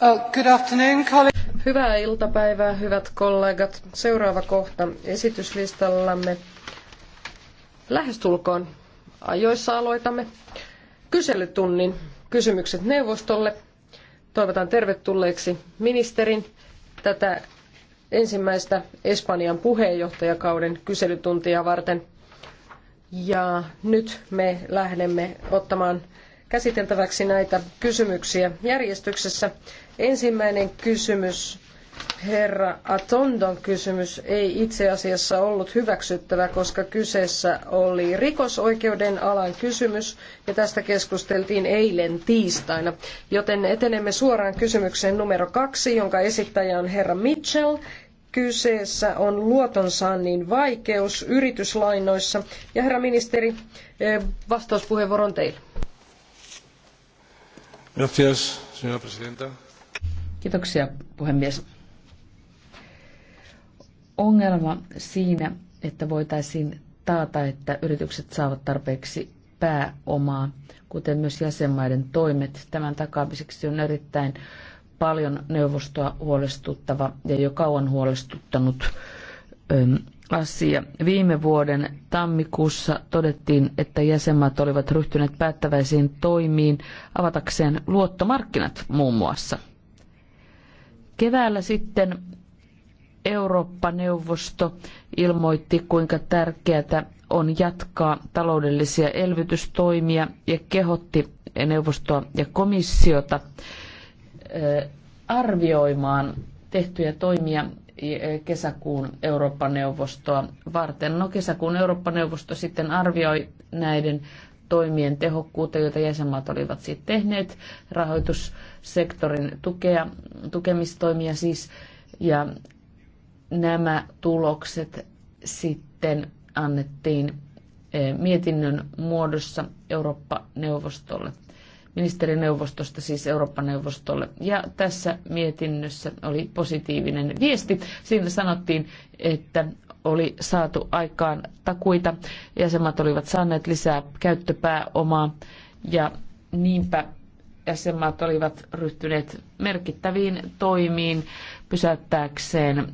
Oh, Hyvää iltapäivää, hyvät kollegat. Seuraava kohta esityslistallamme. Lähestulkoon ajoissa aloitamme kyselytunnin kysymykset neuvostolle. Toivotan tervetulleeksi ministerin tätä ensimmäistä Espanjan puheenjohtajakauden kyselytuntia varten. Ja nyt me lähdemme ottamaan käsiteltäväksi näitä kysymyksiä järjestyksessä. Ensimmäinen kysymys, herra Atondon kysymys, ei itse asiassa ollut hyväksyttävä, koska kyseessä oli rikosoikeuden alan kysymys, ja tästä keskusteltiin eilen tiistaina. Joten etenemme suoraan kysymykseen numero kaksi, jonka esittäjä on herra Mitchell, kyseessä on luotonsaannin vaikeus yrityslainoissa. Ja herra ministeri, eh, vastauspuheenvuoro on teille señora presidenta. Kiitoksia, puhemies. Ongelma siinä, että voitaisiin taata, että yritykset saavat tarpeeksi pääomaa, kuten myös jäsenmaiden toimet. Tämän takaamiseksi on erittäin paljon neuvostoa huolestuttava ja jo kauan huolestuttanut asia. Viime vuoden tammikuussa todettiin, että jäsenmaat olivat ryhtyneet päättäväisiin toimiin avatakseen luottomarkkinat muun muassa. Keväällä sitten Eurooppa-neuvosto ilmoitti, kuinka tärkeää on jatkaa taloudellisia elvytystoimia ja kehotti neuvostoa ja komissiota arvioimaan tehtyjä toimia kesäkuun Eurooppa-neuvostoa varten. No kesäkuun Eurooppa-neuvosto sitten arvioi näiden toimien tehokkuutta, joita jäsenmaat olivat siitä tehneet, rahoitussektorin tukea, tukemistoimia siis, ja nämä tulokset sitten annettiin eh, mietinnön muodossa Eurooppa-neuvostolle ministerineuvostosta, siis Eurooppa-neuvostolle. Ja tässä mietinnössä oli positiivinen viesti. Siinä sanottiin, että oli saatu aikaan takuita, jäsenmaat olivat saaneet lisää käyttöpääomaa ja niinpä jäsenmaat olivat ryhtyneet merkittäviin toimiin pysäyttääkseen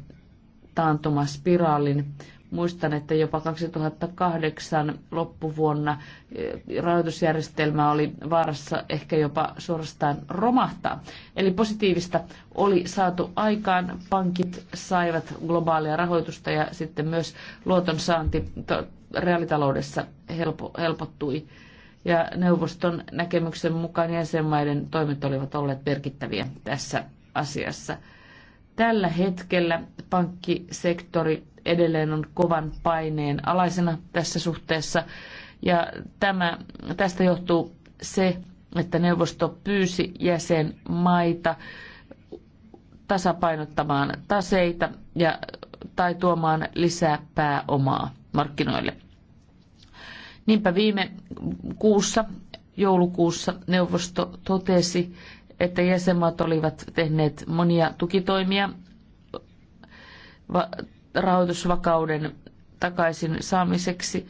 taantumaspiraalin. Muistan, että jopa 2008 loppuvuonna eh, rahoitusjärjestelmä oli vaarassa ehkä jopa suorastaan romahtaa. Eli positiivista oli saatu aikaan. Pankit saivat globaalia rahoitusta ja sitten myös saanti reaalitaloudessa helpottui. Ja neuvoston näkemyksen mukaan jäsenmaiden toimet olivat olleet merkittäviä tässä asiassa. Tällä hetkellä pankkisektori edelleen on kovan paineen alaisena tässä suhteessa. Ja tämä, tästä johtuu se, että neuvosto pyysi jäsenmaita tasapainottamaan taseita ja, tai tuomaan lisää pääomaa markkinoille. Niinpä viime kuussa, joulukuussa, neuvosto totesi, että jäsenmaat olivat tehneet monia tukitoimia rahoitusvakauden takaisin saamiseksi,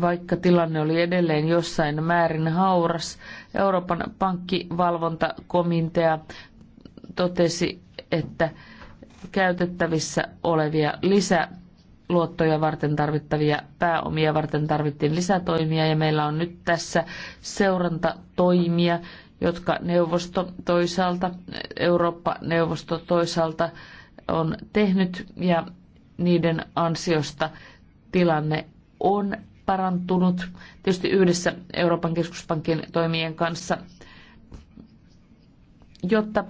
vaikka tilanne oli edelleen jossain määrin hauras. Euroopan pankkivalvontakomitea totesi, että käytettävissä olevia lisäluottoja varten tarvittavia pääomia varten tarvittiin lisätoimia ja meillä on nyt tässä seurantatoimia, jotka neuvosto toisaalta, Eurooppa-neuvosto toisaalta on tehnyt ja niiden ansiosta tilanne on parantunut. Tietysti yhdessä Euroopan keskuspankin toimien kanssa, jotta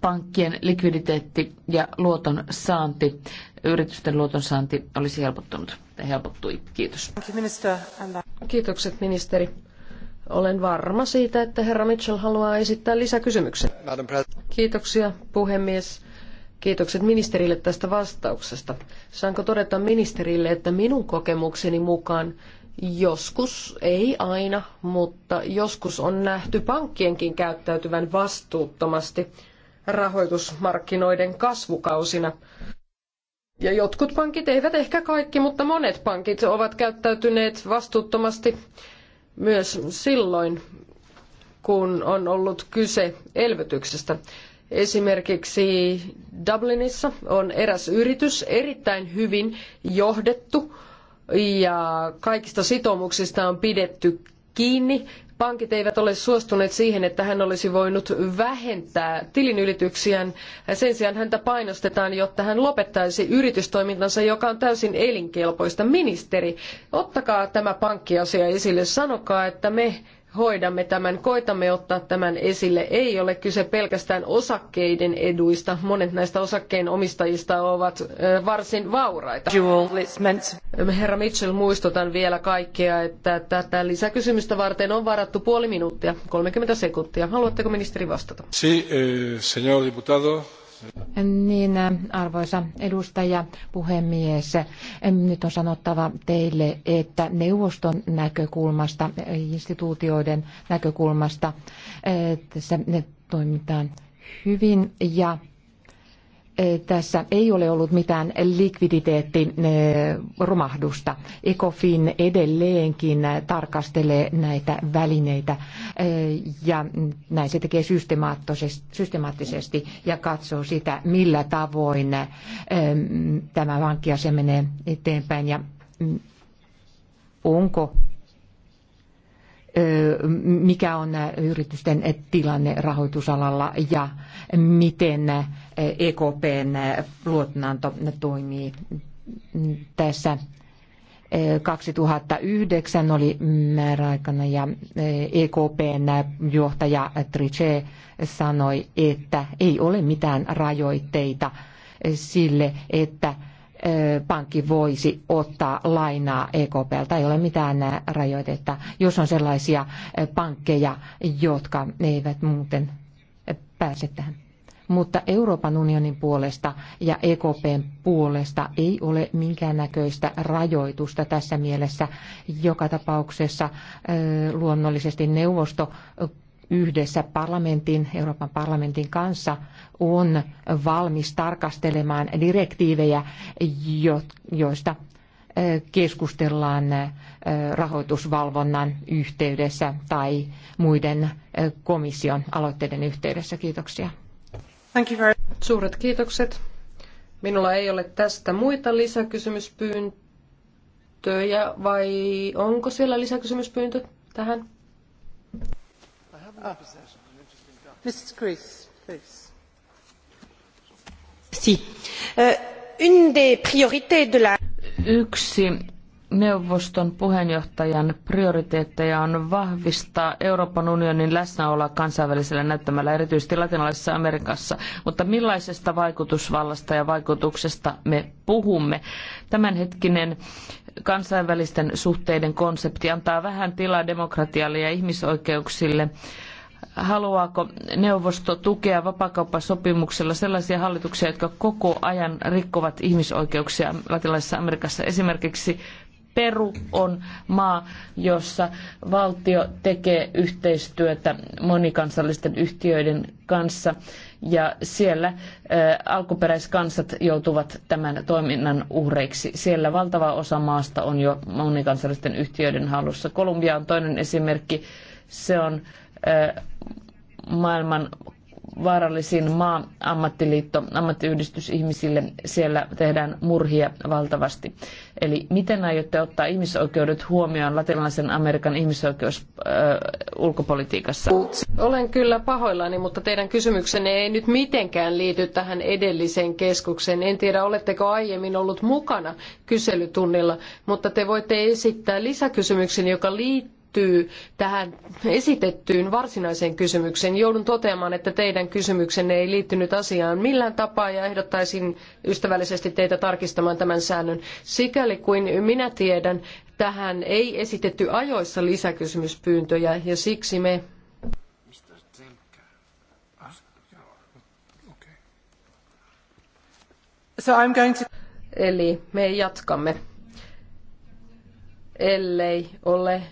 pankkien likviditeetti ja luoton saanti, yritysten luoton saanti olisi helpottunut tai helpottui. Kiitos. Kiitokset ministeri. Olen varma siitä, että herra Mitchell haluaa esittää lisäkysymyksen. Kiitoksia puhemies. Kiitokset ministerille tästä vastauksesta. Saanko todeta ministerille, että minun kokemukseni mukaan joskus, ei aina, mutta joskus on nähty pankkienkin käyttäytyvän vastuuttomasti rahoitusmarkkinoiden kasvukausina. Ja jotkut pankit, eivät ehkä kaikki, mutta monet pankit ovat käyttäytyneet vastuuttomasti myös silloin, kun on ollut kyse elvytyksestä. Esimerkiksi Dublinissa on eräs yritys erittäin hyvin johdettu ja kaikista sitoumuksista on pidetty kiinni. Pankit eivät ole suostuneet siihen, että hän olisi voinut vähentää tilinylityksiään. Sen sijaan häntä painostetaan, jotta hän lopettaisi yritystoimintansa, joka on täysin elinkelpoista. Ministeri, ottakaa tämä pankkiasia esille. Sanokaa, että me hoidamme tämän, koitamme ottaa tämän esille. Ei ole kyse pelkästään osakkeiden eduista. Monet näistä osakkeenomistajista ovat varsin vauraita. Herra Mitchell, muistutan vielä kaikkia, että tätä lisäkysymystä varten on varattu puoli minuuttia, 30 sekuntia. Haluatteko ministeri vastata? Sí, eh, señor diputado. Niin, arvoisa edustaja, puhemies, nyt on sanottava teille, että neuvoston näkökulmasta, instituutioiden näkökulmasta eh, tässä toimitaan hyvin ja tässä ei ole ollut mitään likviditeettiromahdusta. ECOFIN edelleenkin tarkastelee näitä välineitä ja näin se tekee systemaattisesti ja katsoo sitä, millä tavoin tämä pankkiasia menee eteenpäin ja mm, onko mikä on yritysten tilanne rahoitusalalla ja miten EKPn eh, luotonanto toimii tässä 2009 eh, oli määräaikana ja EKPn eh, e johtaja Trichet sanoi, että ei ole mitään rajoitteita sille, että pankki voisi ottaa lainaa EKPltä. Ei ole mitään rajoitetta, jos on sellaisia pankkeja, jotka eivät muuten pääse tähän mutta Euroopan unionin puolesta ja EKPn puolesta ei ole minkäännäköistä rajoitusta tässä mielessä. Joka tapauksessa luonnollisesti neuvosto yhdessä parlamentin, Euroopan parlamentin kanssa on valmis tarkastelemaan direktiivejä, joista keskustellaan rahoitusvalvonnan yhteydessä tai muiden komission aloitteiden yhteydessä. Kiitoksia. Thank you very... Suuret kiitokset. Minulla ei ole tästä muita lisäkysymyspyyntöjä, vai onko siellä lisäkysymyspyyntö tähän? Ah. Mrs. Chris, please. Si. Uh, une des priorités de la... Yksi neuvoston puheenjohtajan prioriteetteja on vahvistaa Euroopan unionin läsnäoloa kansainvälisellä näyttämällä, erityisesti latinalaisessa Amerikassa. Mutta millaisesta vaikutusvallasta ja vaikutuksesta me puhumme? Tämänhetkinen kansainvälisten suhteiden konsepti antaa vähän tilaa demokratialle ja ihmisoikeuksille. Haluaako neuvosto tukea vapaakauppasopimuksella sellaisia hallituksia, jotka koko ajan rikkovat ihmisoikeuksia latinalaisessa Amerikassa, esimerkiksi Peru on maa, jossa valtio tekee yhteistyötä monikansallisten yhtiöiden kanssa ja siellä alkuperäiskansat joutuvat tämän toiminnan uhreiksi. Siellä valtava osa maasta on jo monikansallisten yhtiöiden hallussa. Kolumbia on toinen esimerkki. Se on maailman vaarallisin maa, ammattiliitto, ammattiyhdistys ihmisille. Siellä tehdään murhia valtavasti. Eli miten aiotte ottaa ihmisoikeudet huomioon latinalaisen Amerikan ihmisoikeus äh, ulkopolitiikassa? Olen kyllä pahoillani, mutta teidän kysymyksenne ei nyt mitenkään liity tähän edelliseen keskukseen. En tiedä, oletteko aiemmin ollut mukana kyselytunnilla, mutta te voitte esittää lisäkysymyksen, joka liittyy liittyy tähän esitettyyn varsinaiseen kysymykseen. Joudun toteamaan, että teidän kysymyksenne ei liittynyt asiaan millään tapaa ja ehdottaisin ystävällisesti teitä tarkistamaan tämän säännön. Sikäli kuin minä tiedän, tähän ei esitetty ajoissa lisäkysymyspyyntöjä ja siksi me ah, So I'm going to... Eli me jatkamme, ellei ole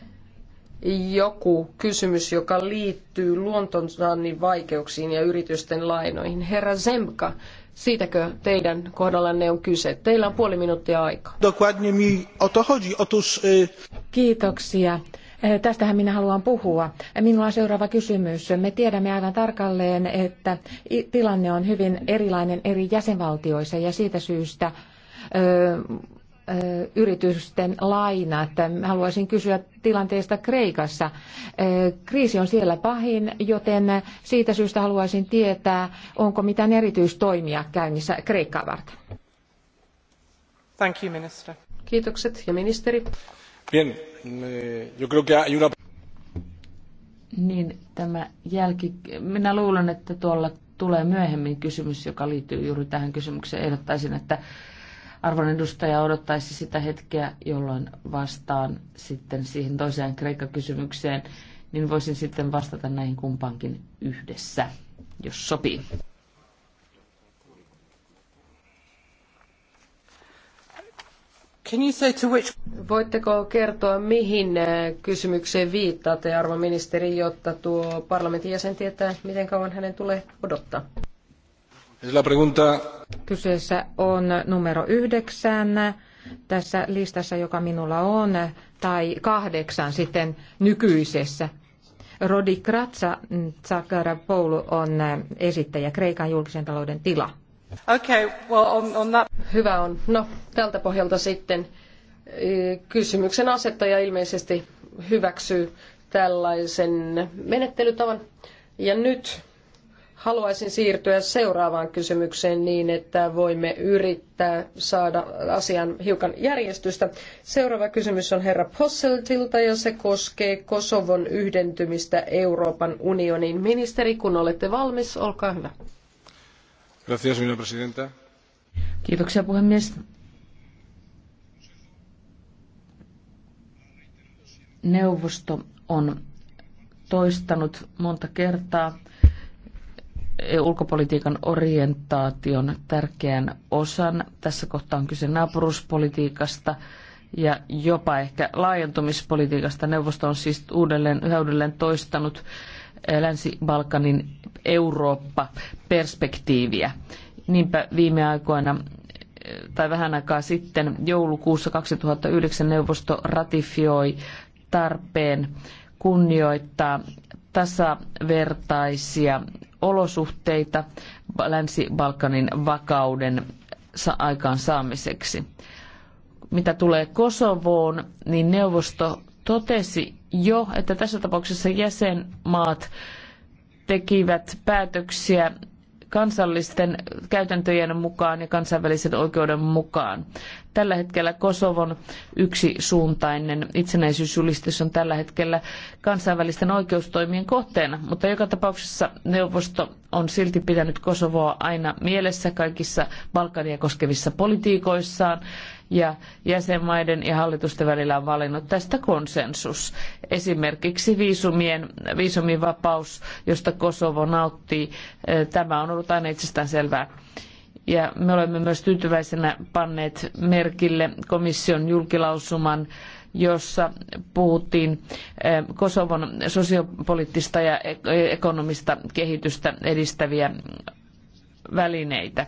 joku kysymys, joka liittyy luontonsaannin vaikeuksiin ja yritysten lainoihin. Herra Zemka, siitäkö teidän kohdallanne on kyse? Teillä on puoli minuuttia aikaa. Dokładnie mi Kiitoksia. E, tästähän minä haluan puhua. E, minulla on seuraava kysymys. Me tiedämme aivan tarkalleen, että tilanne on hyvin erilainen eri jäsenvaltioissa ja siitä syystä yritysten lainat. Haluaisin kysyä tilanteesta Kreikassa. Kriisi on siellä pahin, joten siitä syystä haluaisin tietää, onko mitään erityistoimia käynnissä Kreikkaa varten. Thank you, minister. Kiitokset ja ministeri. Bien, yo creo que hay una... Niin, tämä jälki... Minä luulen, että tuolla tulee myöhemmin kysymys, joka liittyy juuri tähän kysymykseen. Ehdottaisin, että arvon edustaja odottaisi sitä hetkeä, jolloin vastaan sitten siihen toiseen Kreikka-kysymykseen, niin voisin sitten vastata näihin kumpaankin yhdessä, jos sopii. Voitteko kertoa, mihin äh, kysymykseen viittaatte, arvon ministeri, jotta tuo parlamentin jäsen tietää, miten kauan hänen tulee odottaa? Kyseessä on numero yhdeksän tässä listassa, joka minulla on, tai kahdeksan sitten nykyisessä. Rodi Kratsa Tsakarapoulu mm, on äh, esittäjä Kreikan julkisen talouden tila. Okay, well on, on that... Hyvä on. No, tältä pohjalta sitten kysymyksen asettaja ilmeisesti hyväksyy tällaisen menettelytavan. Ja nyt Haluaisin siirtyä seuraavaan kysymykseen niin, että voimme yrittää saada asian hiukan järjestystä. Seuraava kysymys on herra Posseltilta ja se koskee Kosovon yhdentymistä Euroopan unioniin. Ministeri, kun olette valmis, olkaa hyvä. Gracias, presidenta. Kiitoksia puhemies. Neuvosto on toistanut monta kertaa, ulkopolitiikan orientaation tärkeän osan. Tässä kohtaa on kyse naapuruspolitiikasta ja jopa ehkä laajentumispolitiikasta. Neuvosto on siis uudelleen, yhä uudelleen toistanut eh, Länsi-Balkanin Eurooppa-perspektiiviä. Niinpä viime aikoina eh, tai vähän aikaa sitten joulukuussa 2009 neuvosto ratifioi tarpeen kunnioittaa tasavertaisia olosuhteita Länsi-Balkanin vakauden aikaansaamiseksi. Mitä tulee Kosovoon, niin neuvosto totesi jo, että tässä tapauksessa jäsenmaat tekivät päätöksiä kansallisten käytäntöjen mukaan ja kansainvälisen oikeuden mukaan. Tällä hetkellä Kosovon yksisuuntainen itsenäisyysjulistus on tällä hetkellä kansainvälisten oikeustoimien kohteena, mutta joka tapauksessa neuvosto on silti pitänyt Kosovoa aina mielessä kaikissa Balkania koskevissa politiikoissaan ja jäsenmaiden ja hallitusten välillä on valinnut tästä konsensus. Esimerkiksi viisumien, viisumivapaus, josta Kosovo nauttii, eh, tämä on ollut aina itsestään selvää. Ja me olemme myös tyytyväisenä panneet merkille komission julkilausuman, jossa puhuttiin eh, Kosovon sosiopoliittista ja e-, ekonomista kehitystä edistäviä välineitä.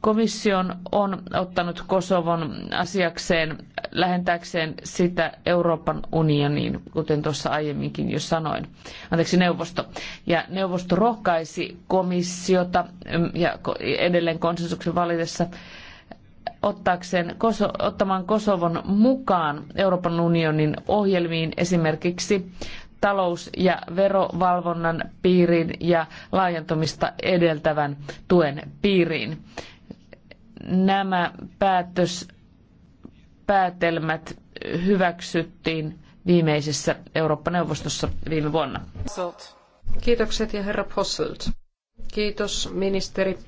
Komission on ottanut Kosovon asiakseen lähentääkseen sitä Euroopan unioniin, kuten tuossa aiemminkin jo sanoin. Anteeksi, neuvosto. Ja neuvosto rohkaisi komissiota mm, ja edelleen konsensuksen valitessa ottaakseen, ottamaan Kosovon mukaan Euroopan unionin ohjelmiin esimerkiksi talous- ja verovalvonnan piiriin ja laajentumista edeltävän tuen piiriin nämä päätös, päätelmät hyväksyttiin viimeisessä Eurooppa-neuvostossa viime vuonna. Kiitokset ja herra Posselt. Kiitos ministeri.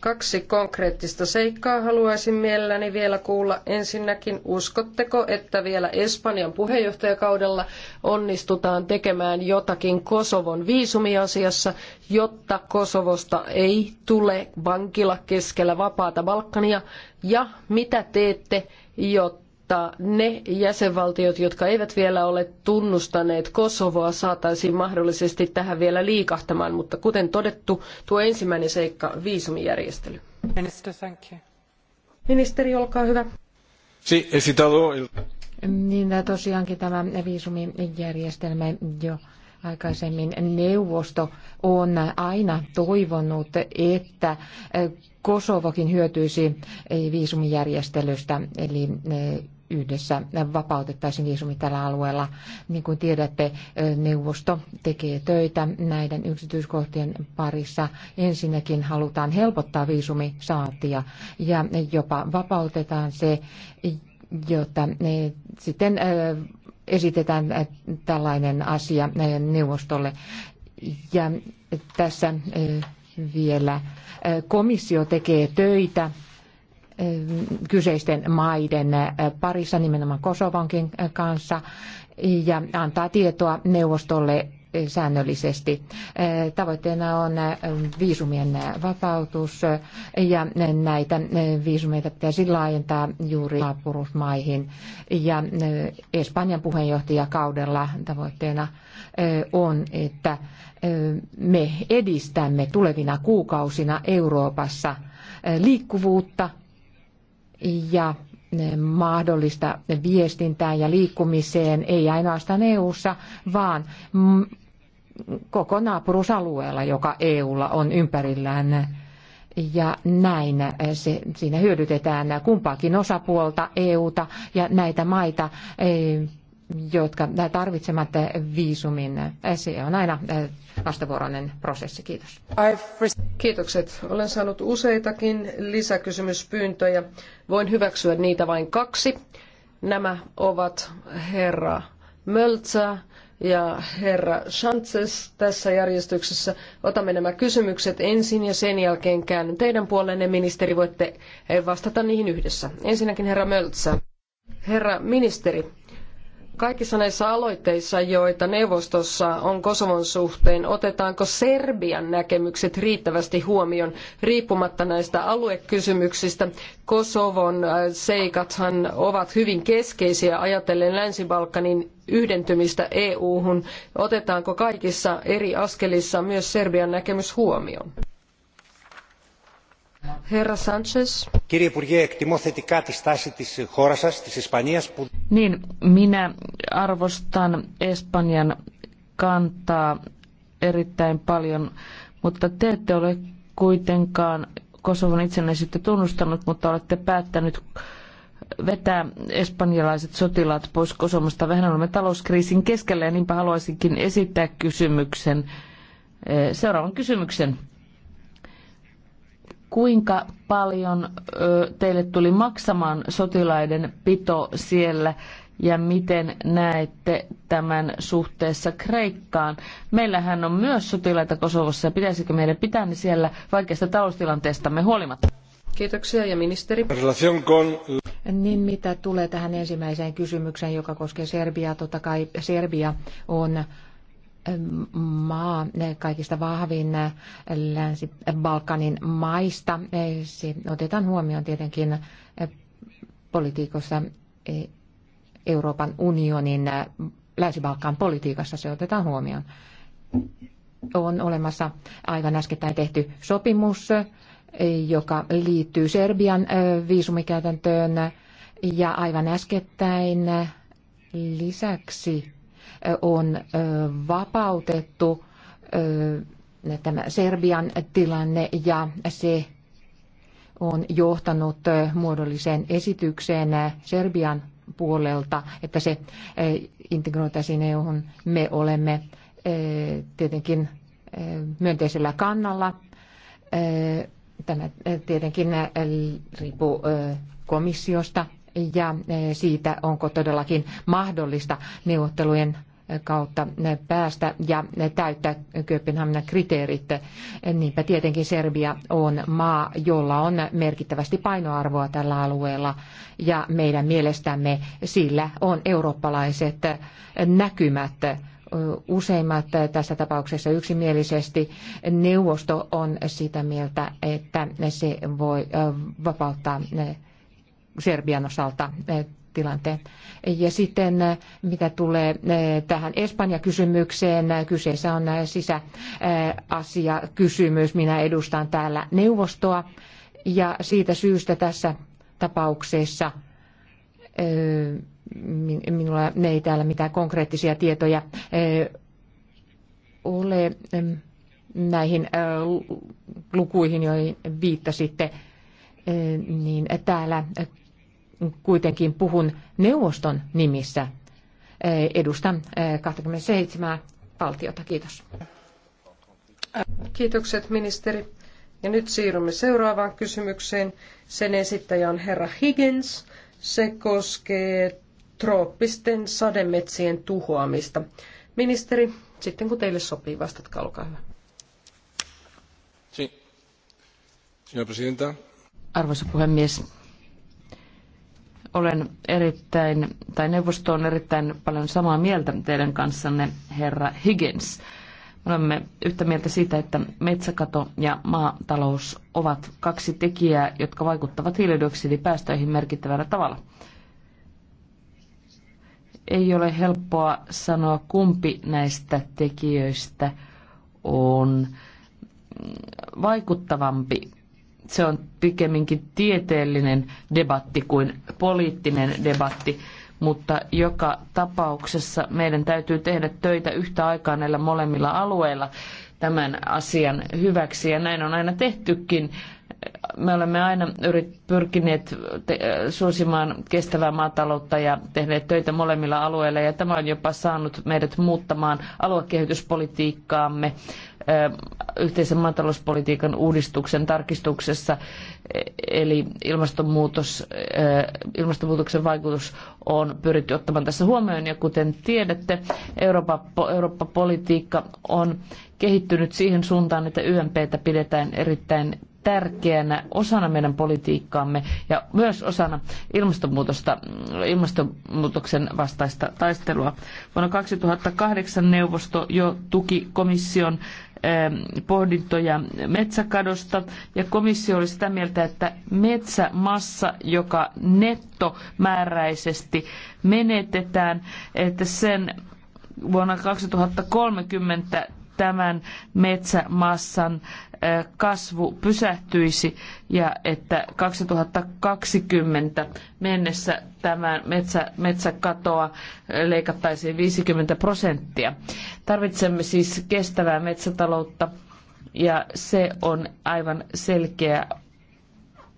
Kaksi konkreettista seikkaa haluaisin mielelläni vielä kuulla. Ensinnäkin, uskotteko, että vielä Espanjan puheenjohtajakaudella onnistutaan tekemään jotakin Kosovon viisumiasiassa, jotta Kosovosta ei tule vankila keskellä vapaata Balkania? Ja mitä teette, jotta jotta ne jäsenvaltiot, jotka eivät vielä ole tunnustaneet Kosovoa, saataisiin mahdollisesti tähän vielä liikahtamaan. Mutta kuten todettu, tuo ensimmäinen seikka, viisumijärjestely. Minister, thank you. Ministeri, olkaa hyvä. Si, esitado. Niin tosiaankin tämä viisumijärjestelmä jo aikaisemmin neuvosto on aina toivonut, että Kosovokin hyötyisi viisumijärjestelystä, eli yhdessä vapautettaisiin viisumi tällä alueella. Niin kuin tiedätte, neuvosto tekee töitä näiden yksityiskohtien parissa. Ensinnäkin halutaan helpottaa viisumisaatia ja jopa vapautetaan se, jotta ne sitten esitetään tällainen asia neuvostolle. Ja tässä vielä komissio tekee töitä kyseisten maiden parissa, nimenomaan Kosovonkin kanssa, ja antaa tietoa neuvostolle säännöllisesti. Tavoitteena on viisumien vapautus ja näitä viisumeita pitäisi laajentaa juuri naapurusmaihin. Ja Espanjan puheenjohtajakaudella tavoitteena on, että me edistämme tulevina kuukausina Euroopassa liikkuvuutta ja eh, mahdollista viestintään ja liikkumiseen, ei ainoastaan EU-ssa, vaan mm, koko naapurusalueella, joka EUlla on ympärillään. Ja näin eh, se, siinä hyödytetään kumpaakin osapuolta, EUta ja näitä maita eh, jotka tarvitsevat viisumin. Se on aina vastavuoroinen prosessi. Kiitos. Kiitokset. Olen saanut useitakin lisäkysymyspyyntöjä. Voin hyväksyä niitä vain kaksi. Nämä ovat herra Möltsä ja herra Schantzes tässä järjestyksessä. Otamme nämä kysymykset ensin ja sen jälkeen käännyn teidän puolenne. Ministeri, voitte vastata niihin yhdessä. Ensinnäkin herra Möltsä. Herra ministeri, kaikissa näissä aloitteissa, joita neuvostossa on Kosovon suhteen, otetaanko Serbian näkemykset riittävästi huomioon riippumatta näistä aluekysymyksistä? Kosovon äh, seikathan ovat hyvin keskeisiä ajatellen Länsi-Balkanin yhdentymistä EU-hun. Otetaanko kaikissa eri askelissa myös Serbian näkemys huomioon? Herra Sanchez. Niin, minä arvostan Espanjan kantaa erittäin paljon, mutta te ette ole kuitenkaan Kosovon itsenäisyyttä tunnustanut, mutta olette päättänyt vetää espanjalaiset sotilaat pois Kosovosta. Vähän olemme talouskriisin keskellä ja niinpä haluaisinkin esittää kysymyksen, eh, seuraavan kysymyksen kuinka paljon teille tuli maksamaan sotilaiden pito siellä ja miten näette tämän suhteessa Kreikkaan? Meillähän on myös sotilaita Kosovossa ja pitäisikö meidän pitää ne siellä vaikeasta taloustilanteestamme huolimatta? Kiitoksia ja ministeri. Niin mitä tulee tähän ensimmäiseen kysymykseen, joka koskee Serbiaa, totta kai Serbia on maa kaikista vahvin Länsi-Balkanin maista. Se otetaan huomioon tietenkin politiikossa Euroopan unionin Länsi-Balkan politiikassa se otetaan huomioon. On olemassa aivan äskettäin tehty sopimus, joka liittyy Serbian viisumikäytäntöön ja aivan äskettäin lisäksi on vapautettu tämä Serbian tilanne ja se on johtanut muodolliseen esitykseen Serbian puolelta, että se integroitaisiin EU-hun. Me olemme tietenkin myönteisellä kannalla. Tämä tietenkin riippuu komissiosta ja e, siitä, onko todellakin mahdollista neuvottelujen e, kautta e, päästä ja täyttää Kööpenhaminan kriteerit. Niinpä tietenkin Serbia on maa, jolla on merkittävästi painoarvoa tällä alueella ja meidän mielestämme sillä on eurooppalaiset näkymät useimmat tässä tapauksessa yksimielisesti. Neuvosto on sitä mieltä, että se voi vapauttaa Serbian osalta eh, tilanteen. Ja sitten eh, mitä tulee eh, tähän Espanja-kysymykseen, kyseessä on sisäasiakysymys. Minä edustan täällä neuvostoa ja siitä syystä tässä tapauksessa minulla ei täällä mitään konkreettisia tietoja ole näihin lukuihin, joihin viittasitte, niin täällä kuitenkin puhun neuvoston nimissä. Eh, edustan 27 eh, valtiota. Kiitos. Kiitokset ministeri. Ja nyt siirrymme seuraavaan kysymykseen. Sen esittäjä on herra Higgins. Se koskee trooppisten sademetsien tuhoamista. Ministeri, sitten kun teille sopii, vastatkaa, olkaa hyvä. Arvoisa puhemies, olen erittäin, tai neuvosto on erittäin paljon samaa mieltä teidän kanssanne, herra Higgins. Olemme yhtä mieltä siitä, että metsäkato ja maatalous ovat kaksi tekijää, jotka vaikuttavat hiilidioksidipäästöihin merkittävällä tavalla. Ei ole helppoa sanoa, kumpi näistä tekijöistä on vaikuttavampi se on pikemminkin tieteellinen debatti kuin poliittinen debatti, mutta joka tapauksessa meidän täytyy tehdä töitä yhtä aikaa näillä molemmilla alueilla tämän asian hyväksi, ja näin on aina tehtykin me olemme aina yrit, pyrkineet te, suosimaan kestävää maataloutta ja tehneet töitä molemmilla alueilla ja tämä on jopa saanut meidät muuttamaan aluekehityspolitiikkaamme yhteisen maatalouspolitiikan uudistuksen tarkistuksessa, eli ilmastonmuutos, ilmastonmuutoksen vaikutus on pyritty ottamaan tässä huomioon. Ja kuten tiedätte, Eurooppa-politiikka on kehittynyt siihen suuntaan, että YMPtä pidetään erittäin tärkeänä osana meidän politiikkaamme ja myös osana ilmastonmuutosta, ilmastonmuutoksen vastaista taistelua. Vuonna 2008 neuvosto jo tuki komission Ähm, pohdintoja metsäkadosta ja komissio oli sitä mieltä, että metsämassa, joka nettomääräisesti menetetään, että sen vuonna 2030 tämän metsämassan kasvu pysähtyisi ja että 2020 mennessä tämän metsä, metsäkatoa leikattaisiin 50 prosenttia. Tarvitsemme siis kestävää metsätaloutta ja se on aivan selkeä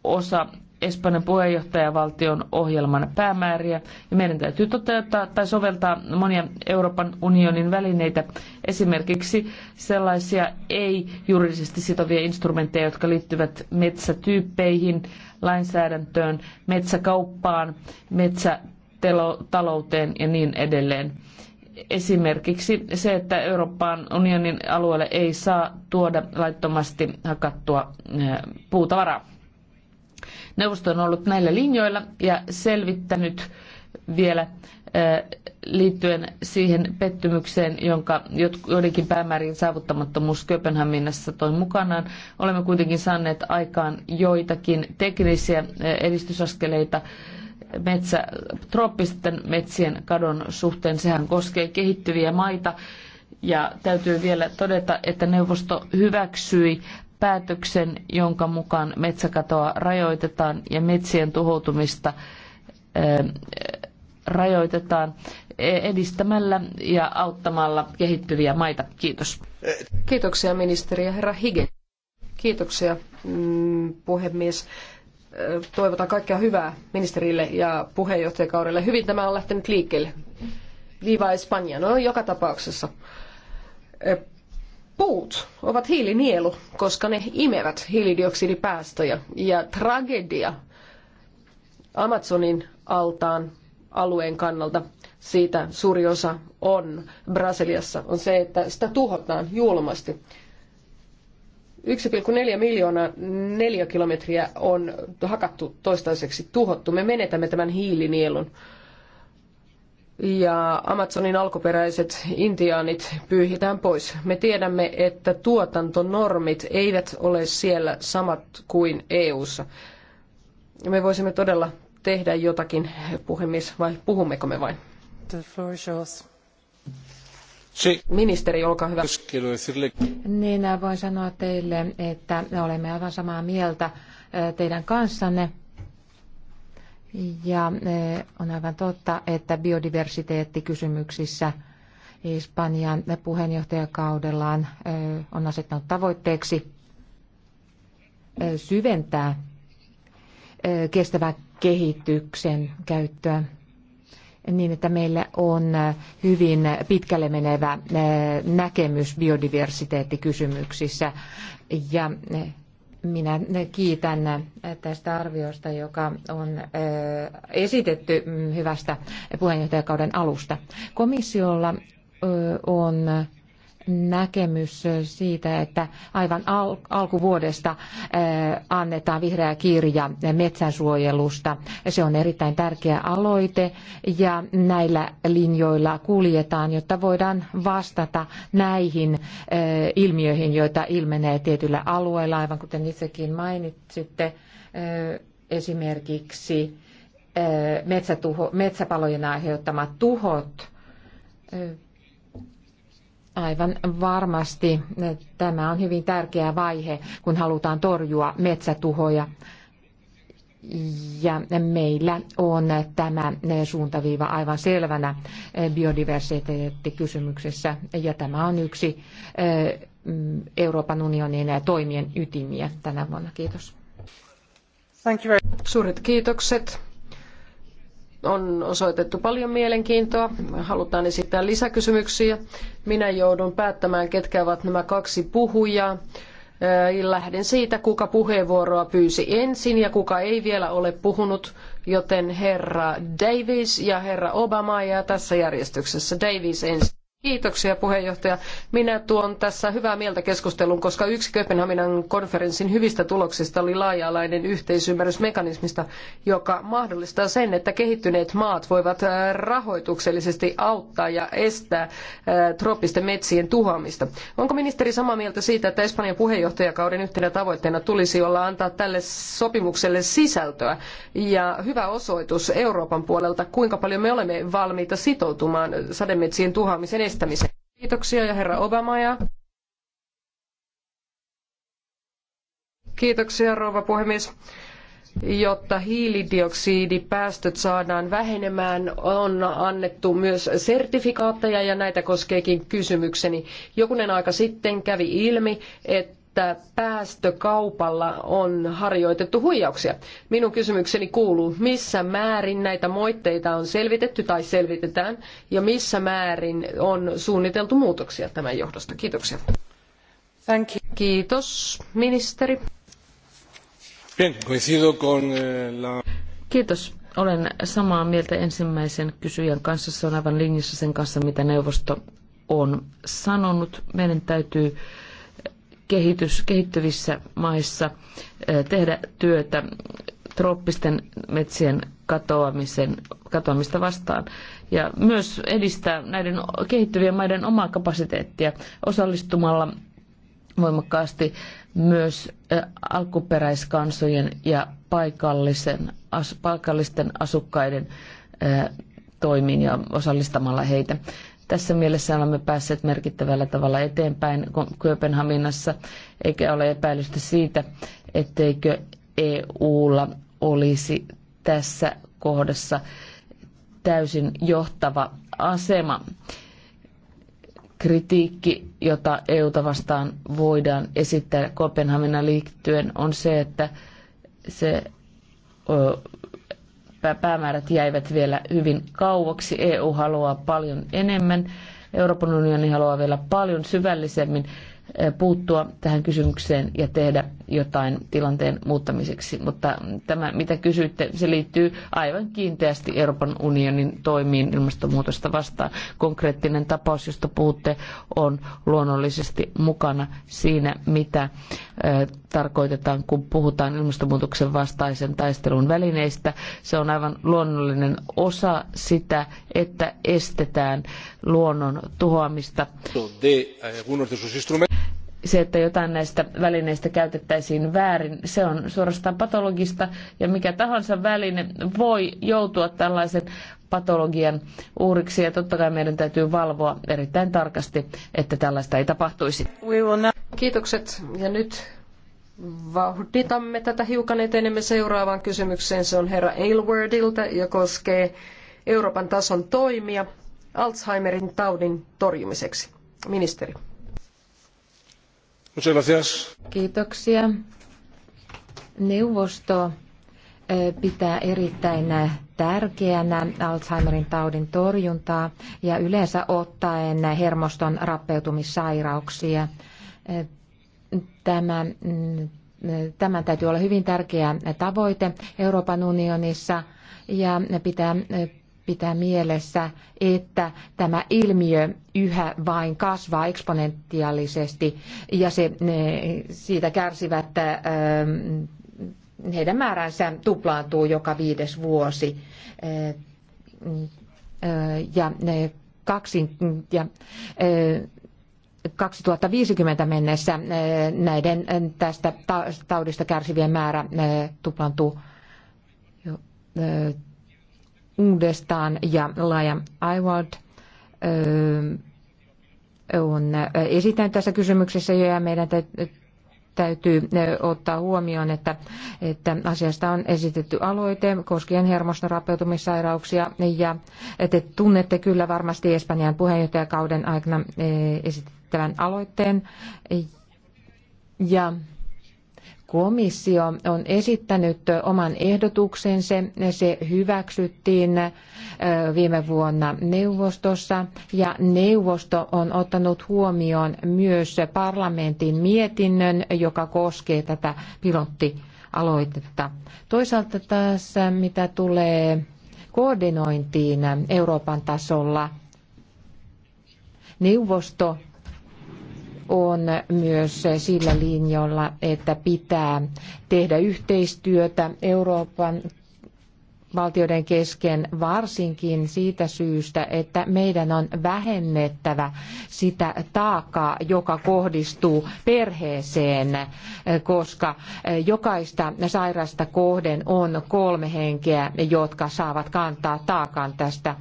osa Espanjan puheenjohtajavaltion ohjelman päämääriä ja meidän täytyy toteuttaa tai soveltaa monia Euroopan unionin välineitä, esimerkiksi sellaisia ei-juridisesti sitovia instrumentteja, jotka liittyvät metsätyyppeihin, lainsäädäntöön, metsäkauppaan, metsätalouteen ja niin edelleen. Esimerkiksi se, että Euroopan unionin alueelle ei saa tuoda laittomasti hakattua eh, puutavaraa. Neuvosto on ollut näillä linjoilla ja selvittänyt vielä äh, liittyen siihen pettymykseen, jonka joidenkin päämäärin saavuttamattomuus Kööpenhaminassa toi mukanaan. Olemme kuitenkin saaneet aikaan joitakin teknisiä äh, edistysaskeleita metsä, trooppisten metsien kadon suhteen. Sehän koskee kehittyviä maita. Ja täytyy vielä todeta, että neuvosto hyväksyi päätöksen, jonka mukaan metsäkatoa rajoitetaan ja metsien tuhoutumista rajoitetaan edistämällä ja auttamalla kehittyviä maita. Kiitos. Kiitoksia ministeri ja herra Hige. Kiitoksia mm, puhemies. Toivotan kaikkea hyvää ministerille ja puheenjohtajakaudelle. Hyvin tämä on lähtenyt liikkeelle. Viva Espanja, no joka tapauksessa puut ovat hiilinielu, koska ne imevät hiilidioksidipäästöjä. Ja tragedia Amazonin altaan alueen kannalta, siitä suuri osa on Brasiliassa, on se, että sitä tuhotaan julmasti. 1,4 miljoonaa neliökilometriä on hakattu toistaiseksi tuhottu. Me menetämme tämän hiilinielun ja Amazonin alkuperäiset intiaanit pyyhitään pois. Me tiedämme, että tuotantonormit eivät ole siellä samat kuin EU:ssa. Me voisimme todella tehdä jotakin, puhemies, vai puhummeko me vain? Ministeri, olkaa hyvä. Niin, äh, voin sanoa teille, että olemme aivan samaa mieltä äh, teidän kanssanne ja eh, on aivan totta, että biodiversiteettikysymyksissä Espanjan puheenjohtajakaudellaan eh, on asettanut tavoitteeksi eh, syventää kestävän kehityksen käyttöä niin, että meillä on hyvin pitkälle menevä näkemys biodiversiteettikysymyksissä ja minä kiitän tästä arviosta, joka on esitetty hyvästä puheenjohtajakauden alusta. Komissiolla on näkemys siitä, että aivan al- alkuvuodesta annetaan vihreä kirja metsänsuojelusta. Se on erittäin tärkeä aloite ja näillä linjoilla kuljetaan, jotta voidaan vastata näihin ilmiöihin, joita ilmenee tietyillä alueilla, aivan kuten itsekin mainitsitte esimerkiksi metsätuho, metsäpalojen aiheuttamat tuhot Aivan varmasti tämä on hyvin tärkeä vaihe, kun halutaan torjua metsätuhoja. Ja meillä on tämä suuntaviiva aivan selvänä biodiversiteettikysymyksessä, ja tämä on yksi eh, Euroopan unionin toimien ytimiä tänä vuonna. Kiitos. Suuret kiitokset on osoitettu paljon mielenkiintoa. Halutaan esittää lisäkysymyksiä. Minä joudun päättämään, ketkä ovat nämä kaksi puhujaa. Lähden siitä, kuka puheenvuoroa pyysi ensin ja kuka ei vielä ole puhunut, joten herra Davies ja herra Obama ja tässä järjestyksessä Davies ensin. Kiitoksia puheenjohtaja. Minä tuon tässä hyvää mieltä keskusteluun, koska yksi Kööpenhaminan konferenssin hyvistä tuloksista oli laaja-alainen yhteisymmärrysmekanismista, joka mahdollistaa sen, että kehittyneet maat voivat äh, rahoituksellisesti auttaa ja estää äh, trooppisten metsien tuhoamista. Onko ministeri samaa mieltä siitä, että Espanjan puheenjohtajakauden yhtenä tavoitteena tulisi olla antaa tälle sopimukselle sisältöä ja hyvä osoitus Euroopan puolelta, kuinka paljon me olemme valmiita sitoutumaan sademetsien tuhoamiseen estämiseen. Kiitoksia ja herra Obama ja... Kiitoksia rouva puhemies. Jotta hiilidioksidipäästöt saadaan vähenemään, on annettu myös sertifikaatteja ja näitä koskeekin kysymykseni. Jokunen aika sitten kävi ilmi, että että päästökaupalla on harjoitettu huijauksia. Minun kysymykseni kuuluu, missä määrin näitä moitteita on selvitetty tai selvitetään ja missä määrin on suunniteltu muutoksia tämän johdosta. Kiitoksia. Thank you. Kiitos, ministeri. Bien, eh, Kiitos. Olen samaa mieltä ensimmäisen kysyjän kanssa. Se on aivan linjassa sen kanssa, mitä neuvosto on sanonut. Meidän täytyy kehitys, kehittyvissä maissa tehdä työtä trooppisten metsien katoamisen, katoamista vastaan ja myös edistää näiden kehittyvien maiden omaa kapasiteettia osallistumalla voimakkaasti myös alkuperäiskansojen ja paikallisen, paikallisten asukkaiden toimiin ja osallistamalla heitä. Tässä mielessä olemme päässeet merkittävällä tavalla eteenpäin Kööpenhaminassa, eikä ole epäilystä siitä, etteikö EUlla olisi tässä kohdassa täysin johtava asema. Kritiikki, jota EUta vastaan voidaan esittää Kopenhaminan liittyen, on se, että se päämäärät jäivät vielä hyvin kauaksi. EU haluaa paljon enemmän. Euroopan unioni haluaa vielä paljon syvällisemmin eh, puuttua tähän kysymykseen ja tehdä jotain tilanteen muuttamiseksi. Mutta tämä, mitä kysyitte, se liittyy aivan kiinteästi Euroopan unionin toimiin ilmastonmuutosta vastaan. Konkreettinen tapaus, josta puhutte, on luonnollisesti mukana siinä, mitä tarkoitetaan, kun puhutaan ilmastonmuutoksen vastaisen taistelun välineistä. Se on aivan luonnollinen osa sitä, että estetään luonnon tuhoamista. De, eh, se, että jotain näistä välineistä käytettäisiin väärin, se on suorastaan patologista ja mikä tahansa väline voi joutua tällaisen patologian uhriksi ja totta kai meidän täytyy valvoa erittäin tarkasti, että tällaista ei tapahtuisi. Kiitokset ja nyt vauhditamme tätä hiukan etenemme seuraavaan kysymykseen. Se on herra Aylwardilta ja koskee Euroopan tason toimia Alzheimerin taudin torjumiseksi. Ministeri. Kiitoksia. Neuvosto eh, pitää erittäin eh, tärkeänä Alzheimerin taudin torjuntaa ja yleensä ottaen hermoston rappeutumissairauksia. Eh, tämä, mm, tämän täytyy olla hyvin tärkeä tavoite Euroopan unionissa ja pitää pitää mielessä, että tämä ilmiö yhä vain kasvaa eksponentiaalisesti ja se, siitä kärsivät heidän määränsä tuplaantuu joka viides vuosi. Ja kaksi ja 2050 mennessä näiden tästä taudista kärsivien määrä tuplantuu uudestaan ja Liam Iward on esittänyt tässä kysymyksessä jo ja meidän täytyy ottaa huomioon, että, että asiasta on esitetty aloite koskien hermostorapeutumissairauksia ja te tunnette kyllä varmasti Espanjan puheenjohtajakauden aikana esitettävän aloitteen ja komissio on esittänyt oman ehdotuksensa. Se hyväksyttiin viime vuonna neuvostossa ja neuvosto on ottanut huomioon myös parlamentin mietinnön, joka koskee tätä pilottialoitetta. Toisaalta taas mitä tulee koordinointiin Euroopan tasolla, neuvosto on myös sillä linjalla, että pitää tehdä yhteistyötä Euroopan valtioiden kesken varsinkin siitä syystä, että meidän on vähennettävä sitä taakkaa, joka kohdistuu perheeseen, koska jokaista sairasta kohden on kolme henkeä, jotka saavat kantaa taakan tästä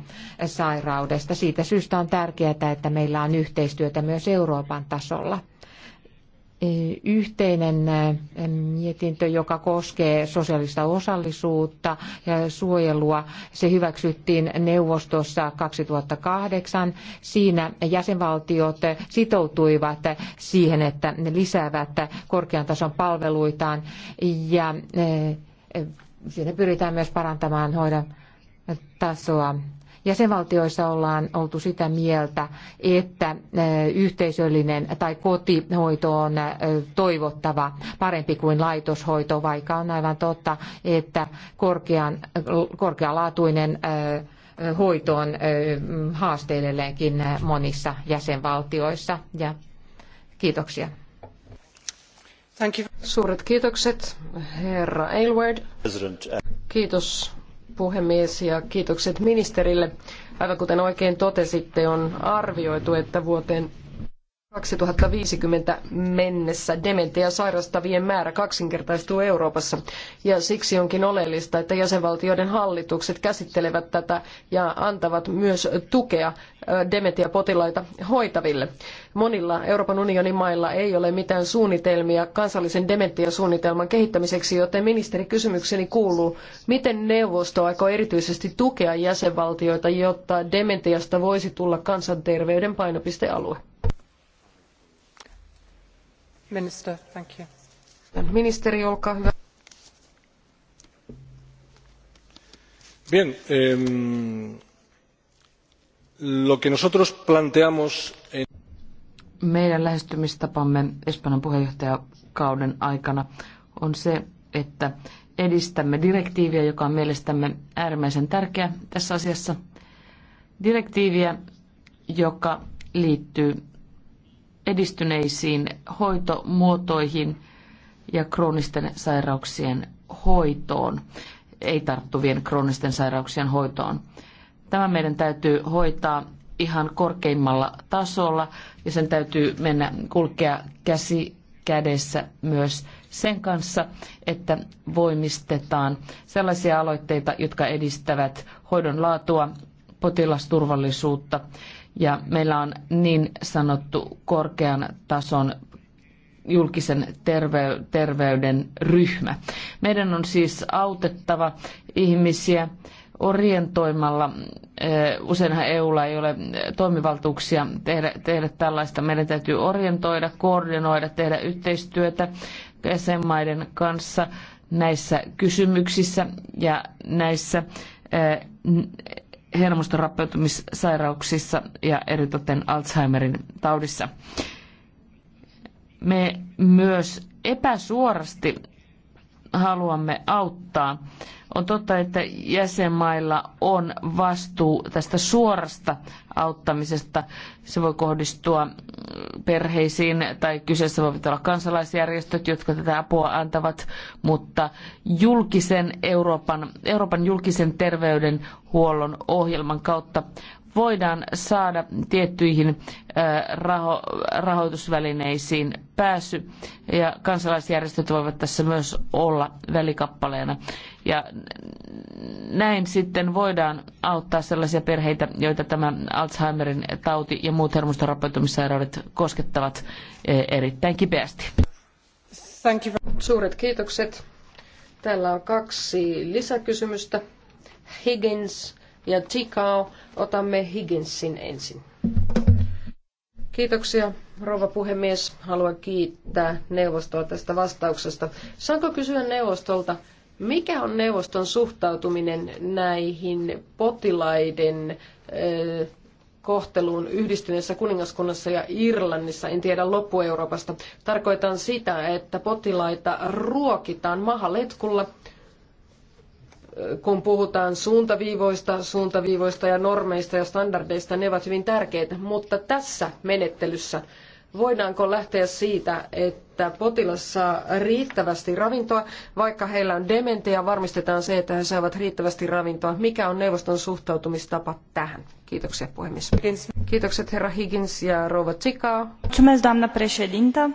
sairaudesta. Siitä syystä on tärkeää, että meillä on yhteistyötä myös Euroopan tasolla yhteinen eh, mietintö, joka koskee sosiaalista osallisuutta ja suojelua. Se hyväksyttiin neuvostossa 2008. Siinä jäsenvaltiot sitoutuivat siihen, että ne lisäävät korkean tason palveluitaan ja eh, eh, siinä pyritään myös parantamaan hoidon tasoa Jäsenvaltioissa ollaan oltu sitä mieltä, että yhteisöllinen tai kotihoito on toivottava parempi kuin laitoshoito, vaikka on aivan totta, että korkean, korkealaatuinen hoito on haasteelleenkin monissa jäsenvaltioissa. Ja kiitoksia. Suuret kiitokset, herra Aylward. Uh, Kiitos puhemies ja kiitokset ministerille. Aivan kuten oikein totesitte, on arvioitu, että vuoteen 2050 mennessä dementia sairastavien määrä kaksinkertaistuu Euroopassa ja siksi onkin oleellista, että jäsenvaltioiden hallitukset käsittelevät tätä ja antavat myös tukea dementiapotilaita hoitaville. Monilla Euroopan unionin mailla ei ole mitään suunnitelmia kansallisen dementiasuunnitelman kehittämiseksi, joten ministeri kysymykseni kuuluu, miten neuvosto aikoo erityisesti tukea jäsenvaltioita, jotta dementiasta voisi tulla kansanterveyden painopistealue? Ministeri, olkaa hyvä. Bien, lo que nosotros planteamos en... Meidän lähestymistapamme Espanjan puheenjohtajakauden aikana on se, että edistämme direktiiviä, joka on mielestämme äärimmäisen tärkeä tässä asiassa. Direktiiviä, joka liittyy edistyneisiin hoitomuotoihin ja kroonisten sairauksien hoitoon, ei tarttuvien kroonisten sairauksien hoitoon. Tämä meidän täytyy hoitaa ihan korkeimmalla tasolla ja sen täytyy mennä kulkea käsi kädessä myös sen kanssa, että voimistetaan sellaisia aloitteita, jotka edistävät hoidon laatua, potilasturvallisuutta ja meillä on niin sanottu korkean tason julkisen terve- terveyden ryhmä. Meidän on siis autettava ihmisiä orientoimalla. Useinhan EUlla ei ole toimivaltuuksia tehdä, tehdä tällaista. Meidän täytyy orientoida, koordinoida, tehdä yhteistyötä jäsenmaiden kanssa näissä kysymyksissä ja näissä hermoston rappeutumissairauksissa ja eritoten Alzheimerin taudissa. Me myös epäsuorasti haluamme auttaa. On totta, että jäsenmailla on vastuu tästä suorasta auttamisesta. Se voi kohdistua perheisiin tai kyseessä voivat olla kansalaisjärjestöt, jotka tätä apua antavat, mutta julkisen Euroopan, Euroopan julkisen terveydenhuollon ohjelman kautta voidaan saada tiettyihin raho, rahoitusvälineisiin pääsy ja kansalaisjärjestöt voivat tässä myös olla välikappaleena. Ja näin sitten voidaan auttaa sellaisia perheitä, joita tämä Alzheimerin tauti ja muut hermostorappeutumissairaudet koskettavat erittäin kipeästi. Suuret kiitokset. Täällä on kaksi lisäkysymystä. Higgins ja Tikao. Otamme Higginsin ensin. Kiitoksia, rouva puhemies. Haluan kiittää neuvostoa tästä vastauksesta. Saanko kysyä neuvostolta, mikä on neuvoston suhtautuminen näihin potilaiden kohteluun yhdistyneessä kuningaskunnassa ja Irlannissa, en tiedä loppu-Euroopasta. Tarkoitan sitä, että potilaita ruokitaan mahaletkulla kun puhutaan suuntaviivoista, suuntaviivoista ja normeista ja standardeista, ne ovat hyvin tärkeitä. Mutta tässä menettelyssä voidaanko lähteä siitä, että potilas saa riittävästi ravintoa, vaikka heillä on dementia, varmistetaan se, että he saavat riittävästi ravintoa. Mikä on neuvoston suhtautumistapa tähän? Kiitoksia puhemies. Kiitokset herra Higgins ja rouva Tsikaa. Mulțumesc, doamna președintă.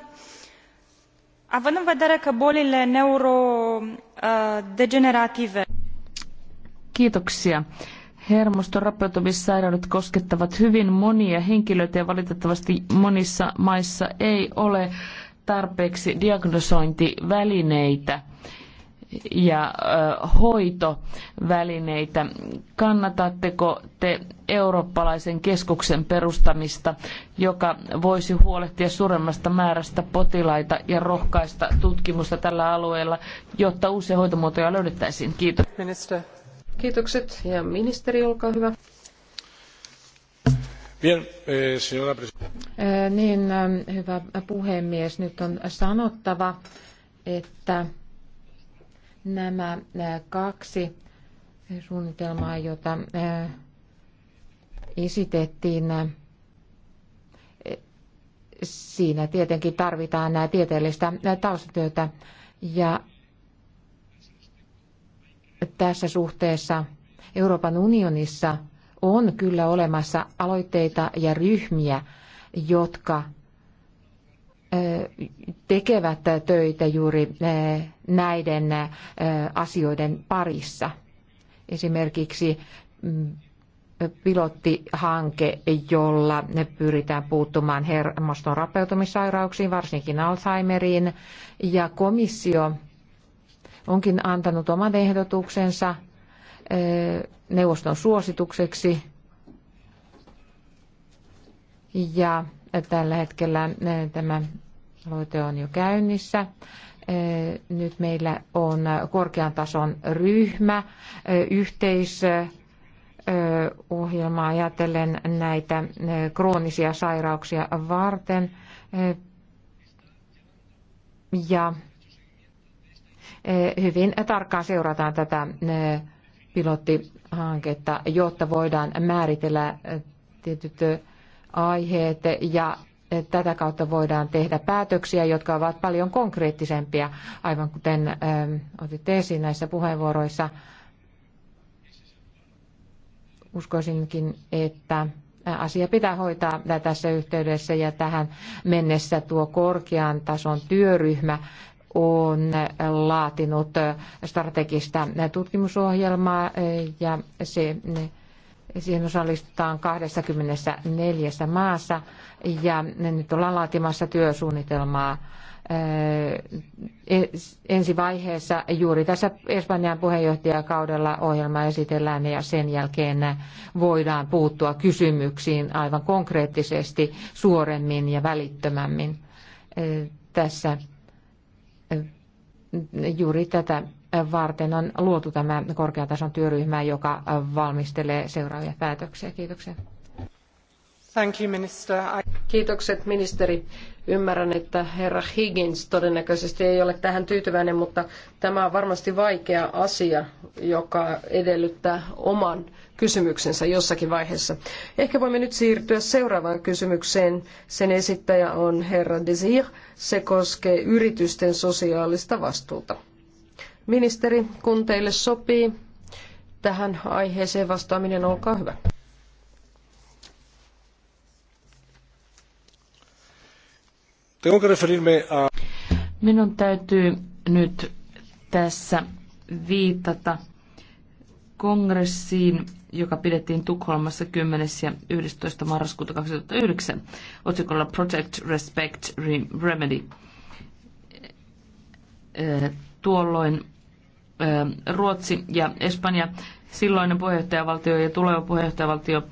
Având în vedere că bolile neurodegenerative Kiitoksia. Hermoston rappeutumissairaudet koskettavat hyvin monia henkilöitä ja valitettavasti monissa maissa ei ole tarpeeksi diagnosointivälineitä ja hoitovälineitä. Kannatatteko te eurooppalaisen keskuksen perustamista, joka voisi huolehtia suuremmasta määrästä potilaita ja rohkaista tutkimusta tällä alueella, jotta uusia hoitomuotoja löydettäisiin? Kiitos. Minister. Kiitokset. Ja ministeri, olkaa hyvä. Bien, eh, señora eh, niin, ähm, hyvä puhemies, nyt on sanottava, että nämä äh, kaksi suunnitelmaa, jota äh, esitettiin, äh, siinä tietenkin tarvitaan tieteellistä taustatyötä ja tässä suhteessa Euroopan unionissa on kyllä olemassa aloitteita ja ryhmiä, jotka tekevät töitä juuri näiden asioiden parissa. Esimerkiksi mm, pilottihanke, jolla pyritään puuttumaan hermoston rappeutumissairauksiin, varsinkin Alzheimeriin, ja komissio onkin antanut oman ehdotuksensa eh, neuvoston suositukseksi. Ja eh, tällä hetkellä eh, tämä aloite on jo käynnissä. Nyt meillä on korkean tason ryhmä, yhteisohjelma ohjelmaa ajatellen näitä kroonisia sairauksia varten. Ja Eh, hyvin tarkkaan seurataan tätä eh, pilottihanketta, jotta voidaan määritellä eh, tietyt aiheet ja tätä kautta voidaan tehdä päätöksiä, jotka ovat paljon konkreettisempia, aivan kuten otitte esiin näissä puheenvuoroissa. Uskoisinkin, että asia pitää hoitaa tässä yhteydessä ja tähän mennessä tuo korkean tason työryhmä on laatinut strategista tutkimusohjelmaa ja se, siihen osallistutaan 24 maassa ja nyt ollaan laatimassa työsuunnitelmaa eh, ensi vaiheessa juuri tässä Espanjan puheenjohtajakaudella ohjelma esitellään ja sen jälkeen voidaan puuttua kysymyksiin aivan konkreettisesti suoremmin ja välittömämmin. Eh, tässä juuri tätä varten on luotu tämä korkeatason työryhmä, joka valmistelee seuraavia päätöksiä. Kiitoksia. Thank you, minister. I... Kiitokset ministeri. Ymmärrän, että herra Higgins todennäköisesti ei ole tähän tyytyväinen, mutta tämä on varmasti vaikea asia, joka edellyttää oman kysymyksensä jossakin vaiheessa. Ehkä voimme nyt siirtyä seuraavaan kysymykseen. Sen esittäjä on herra Desir. Se koskee yritysten sosiaalista vastuuta. Ministeri, kun teille sopii, tähän aiheeseen vastaaminen, olkaa hyvä. Minun täytyy nyt tässä viitata kongressiin joka pidettiin Tukholmassa 10. ja 11. marraskuuta 2009 otsikolla Project Respect, Remedy. Tuolloin Ruotsi ja Espanja, silloinen puheenjohtajavaltio ja tuleva puheenjohtajavaltio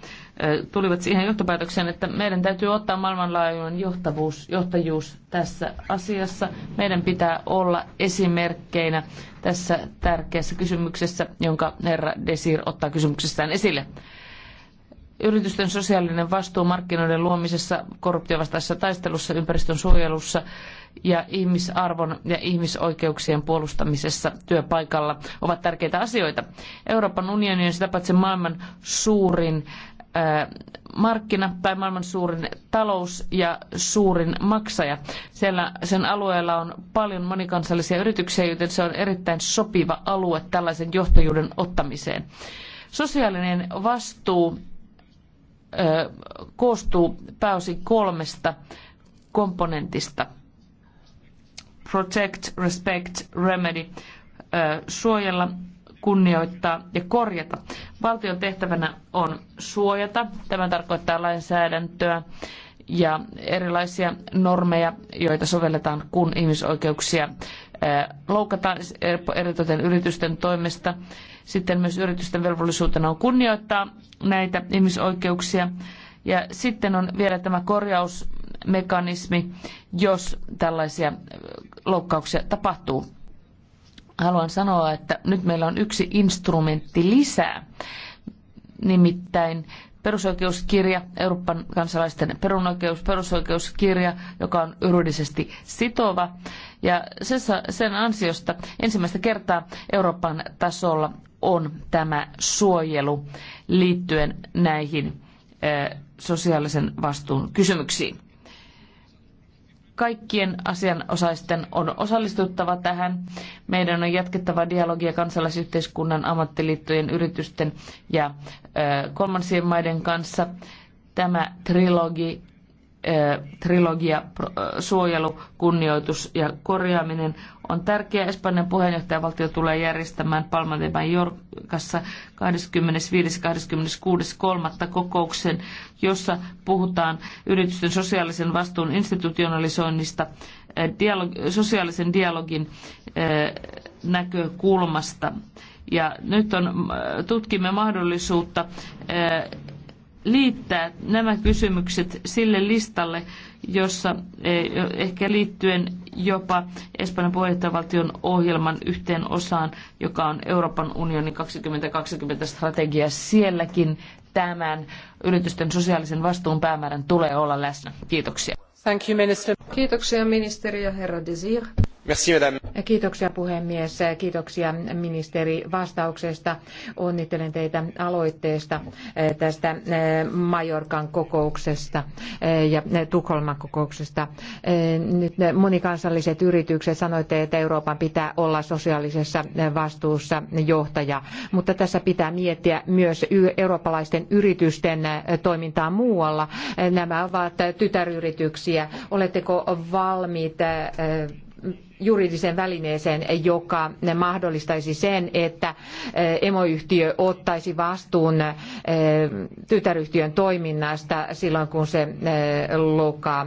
tulivat siihen johtopäätökseen, että meidän täytyy ottaa maailmanlaajuinen johtavuus, johtajuus tässä asiassa. Meidän pitää olla esimerkkeinä tässä tärkeässä kysymyksessä, jonka herra Desir ottaa kysymyksestään esille. Yritysten sosiaalinen vastuu markkinoiden luomisessa, korruptiovastaisessa taistelussa, ympäristön suojelussa ja ihmisarvon ja ihmisoikeuksien puolustamisessa työpaikalla ovat tärkeitä asioita. Euroopan unioni on sitä paitsi maailman suurin markkina tai maailman suurin talous ja suurin maksaja. Siellä sen alueella on paljon monikansallisia yrityksiä, joten se on erittäin sopiva alue tällaisen johtajuuden ottamiseen. Sosiaalinen vastuu ö, koostuu pääosin kolmesta komponentista. Protect, respect, remedy. Ö, suojella, kunnioittaa ja korjata. Valtion tehtävänä on suojata. Tämä tarkoittaa lainsäädäntöä ja erilaisia normeja, joita sovelletaan, kun ihmisoikeuksia loukataan eritoten yritysten toimesta. Sitten myös yritysten velvollisuutena on kunnioittaa näitä ihmisoikeuksia. Ja sitten on vielä tämä korjausmekanismi, jos tällaisia loukkauksia tapahtuu haluan sanoa, että nyt meillä on yksi instrumentti lisää, nimittäin perusoikeuskirja, Euroopan kansalaisten perunoikeus, perusoikeuskirja, joka on juridisesti sitova. Ja sen ansiosta ensimmäistä kertaa Euroopan tasolla on tämä suojelu liittyen näihin sosiaalisen vastuun kysymyksiin. Kaikkien asianosaisten on osallistuttava tähän. Meidän on jatkettava dialogia kansalaisyhteiskunnan, ammattiliittojen, yritysten ja kolmansien maiden kanssa. Tämä trilogi trilogia, suojelu, kunnioitus ja korjaaminen on tärkeä. Espanjan puheenjohtajavaltio tulee järjestämään Palma de Mallorcassa 25.–26.3. kokouksen, jossa puhutaan yritysten sosiaalisen vastuun institutionalisoinnista sosiaalisen dialogin näkökulmasta. Ja nyt on, tutkimme mahdollisuutta liittää nämä kysymykset sille listalle, jossa e, ehkä liittyen jopa Espanjan puheenjohtajavaltion ohjelman yhteen osaan, joka on Euroopan unionin 2020-strategia. Sielläkin tämän yritysten sosiaalisen vastuun päämäärän tulee olla läsnä. Kiitoksia. Thank you, minister. Kiitoksia ministeri ja herra Desir. Kiitoksia puhemies, kiitoksia ministeri vastauksesta. Onnittelen teitä aloitteesta eh, tästä eh, Majorkan kokouksesta eh, ja Tukholman kokouksesta. Nyt monikansalliset yritykset sanoitte, että Euroopan pitää olla sosiaalisessa vastuussa johtaja, mutta tässä pitää miettiä myös eurooppalaisten yritysten toimintaa muualla. Nämä ovat tytäryrityksiä. Oletteko valmiit juridiseen välineeseen, joka mahdollistaisi sen, että eh, emoyhtiö ottaisi vastuun eh, tytäryhtiön toiminnasta silloin, kun se eh, loukkaa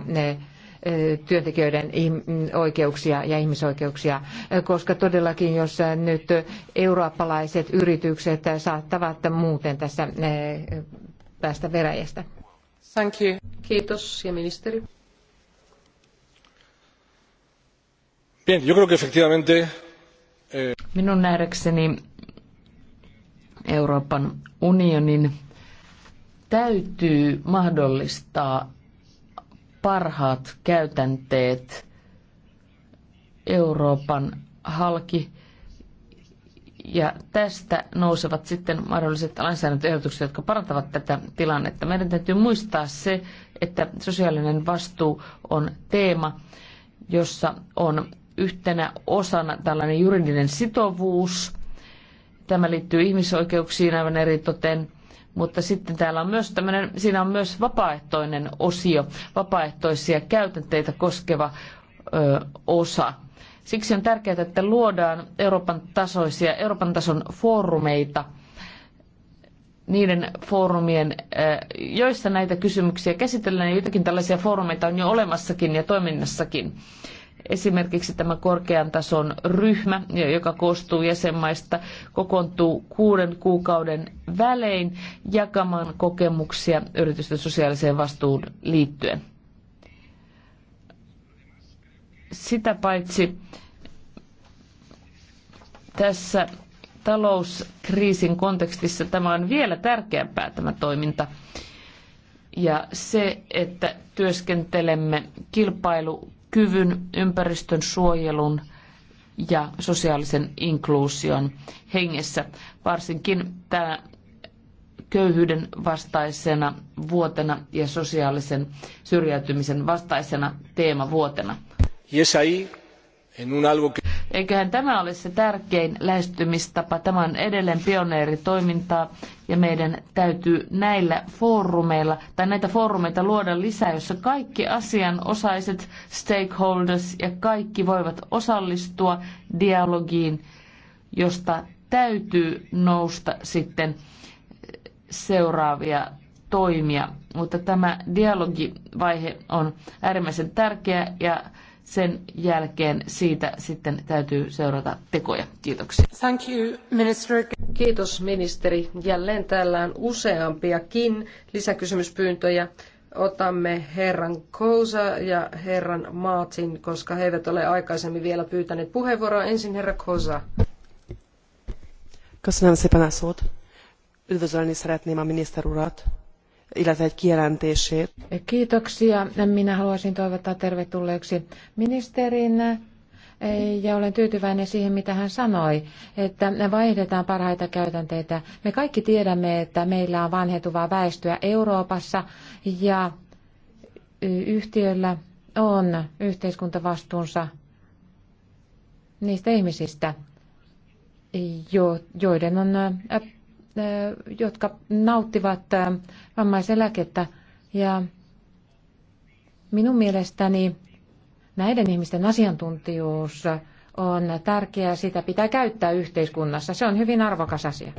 työntekijöiden oikeuksia ja ihmisoikeuksia, koska todellakin jos nyt eurooppalaiset yritykset saattavat muuten tässä päästä veräjästä. Thank you. Kiitos ja ministeri. Eh, Minun nähdäkseni Euroopan unionin täytyy mahdollistaa parhaat käytänteet Euroopan halki. Ja tästä nousevat sitten mahdolliset lainsäädäntöehdotukset, jotka parantavat tätä tilannetta. Meidän täytyy muistaa se, että sosiaalinen vastuu on teema, jossa on yhtenä osana tällainen juridinen sitovuus. Tämä liittyy ihmisoikeuksiin aivan eritoten. Mutta sitten täällä on myös tämmöinen, siinä on myös vapaaehtoinen osio, vapaaehtoisia käytänteitä koskeva ö, osa. Siksi on tärkeää, että luodaan Euroopan tasoisia, Euroopan tason foorumeita, niiden foorumien, joissa näitä kysymyksiä käsitellään, ja jotakin tällaisia foorumeita on jo olemassakin ja toiminnassakin. Esimerkiksi tämä korkean tason ryhmä, joka koostuu jäsenmaista, kokoontuu kuuden kuukauden välein jakamaan kokemuksia yritysten sosiaaliseen vastuun liittyen. Sitä paitsi tässä talouskriisin kontekstissa tämä on vielä tärkeämpää tämä toiminta. Ja se, että työskentelemme kilpailu kyvyn, ympäristön suojelun ja sosiaalisen inkluusion hengessä. Varsinkin tämä köyhyyden vastaisena vuotena ja sosiaalisen syrjäytymisen vastaisena teemavuotena. Yes, ahí, en un algo que... Eiköhän tämä ole se tärkein lähestymistapa. Tämä on edelleen pioneeritoimintaa ja meidän täytyy näillä foorumeilla tai näitä foorumeita luoda lisää, jossa kaikki asianosaiset stakeholders ja kaikki voivat osallistua dialogiin, josta täytyy nousta sitten seuraavia toimia. Mutta tämä dialogivaihe on äärimmäisen tärkeä ja sen jälkeen siitä sitten täytyy seurata tekoja. Kiitoksia. Thank you, minister. Kiitos ministeri. Jälleen täällä on useampiakin lisäkysymyspyyntöjä. Otamme herran Kousa ja herran Maatin, koska he eivät ole aikaisemmin vielä pyytäneet puheenvuoroa. Ensin herra Kousa. Köszönöm szépen a szót. Üdvözölni szeretném a miniszter urat illetve egy kijelentését. Kiitoksia. Minä haluaisin toivottaa tervetulleeksi ministerin ja olen tyytyväinen siihen, mitä hän sanoi, että vaihdetaan parhaita käytänteitä. Me kaikki tiedämme, että meillä on vanhetuvaa väestöä Euroopassa ja yhtiöllä on yhteiskuntavastuunsa niistä ihmisistä, joiden on Äh, jotka nauttivat äh, vammaiseläkettä. Ja minun mielestäni näiden ihmisten asiantuntijuus on tärkeää, sitä pitää käyttää yhteiskunnassa. Se on hyvin arvokas asia.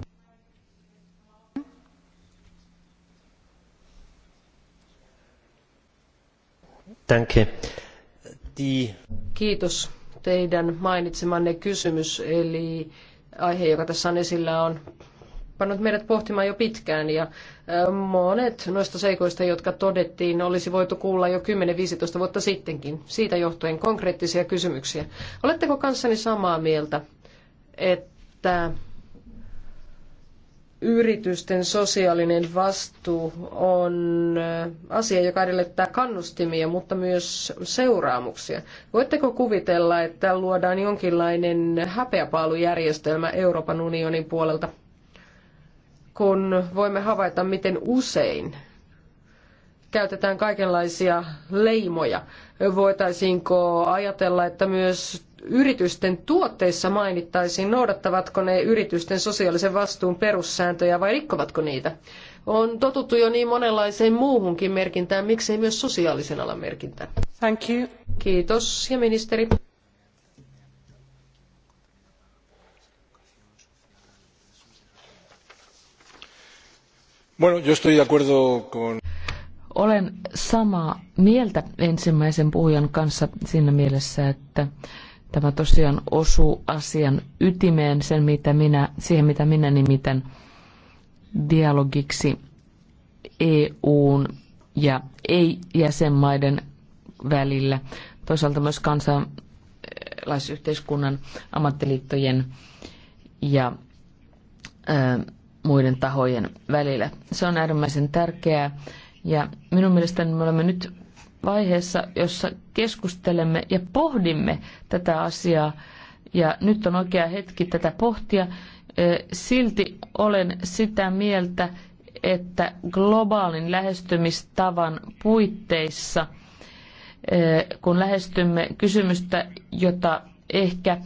Kiitos. Teidän mainitsemanne kysymys, eli aihe, joka tässä on esillä, on pannut meidät pohtimaan jo pitkään ja monet noista seikoista, jotka todettiin, olisi voitu kuulla jo 10-15 vuotta sittenkin. Siitä johtuen konkreettisia kysymyksiä. Oletteko kanssani samaa mieltä, että yritysten sosiaalinen vastuu on asia, joka edellyttää kannustimia, mutta myös seuraamuksia. Voitteko kuvitella, että luodaan jonkinlainen häpeäpaalujärjestelmä Euroopan unionin puolelta? kun voimme havaita, miten usein käytetään kaikenlaisia leimoja. Voitaisiinko ajatella, että myös yritysten tuotteissa mainittaisiin, noudattavatko ne yritysten sosiaalisen vastuun perussääntöjä vai rikkovatko niitä? On totuttu jo niin monenlaiseen muuhunkin merkintään, miksei myös sosiaalisen alan merkintään. Thank you. Kiitos ja ministeri. Bueno, yo estoy de acuerdo con... Olen samaa mieltä ensimmäisen puhujan kanssa siinä mielessä, että tämä tosiaan osuu asian ytimeen, sen mitä minä, siihen mitä minä nimitän dialogiksi EUn ja ei-jäsenmaiden välillä. Toisaalta myös kansalaisyhteiskunnan, ammattiliittojen ja ö, muiden tahojen välillä. Se on äärimmäisen tärkeää ja minun mielestäni me olemme nyt vaiheessa, jossa keskustelemme ja pohdimme tätä asiaa ja nyt on oikea hetki tätä pohtia. Silti olen sitä mieltä, että globaalin lähestymistavan puitteissa, kun lähestymme kysymystä, jota ehkä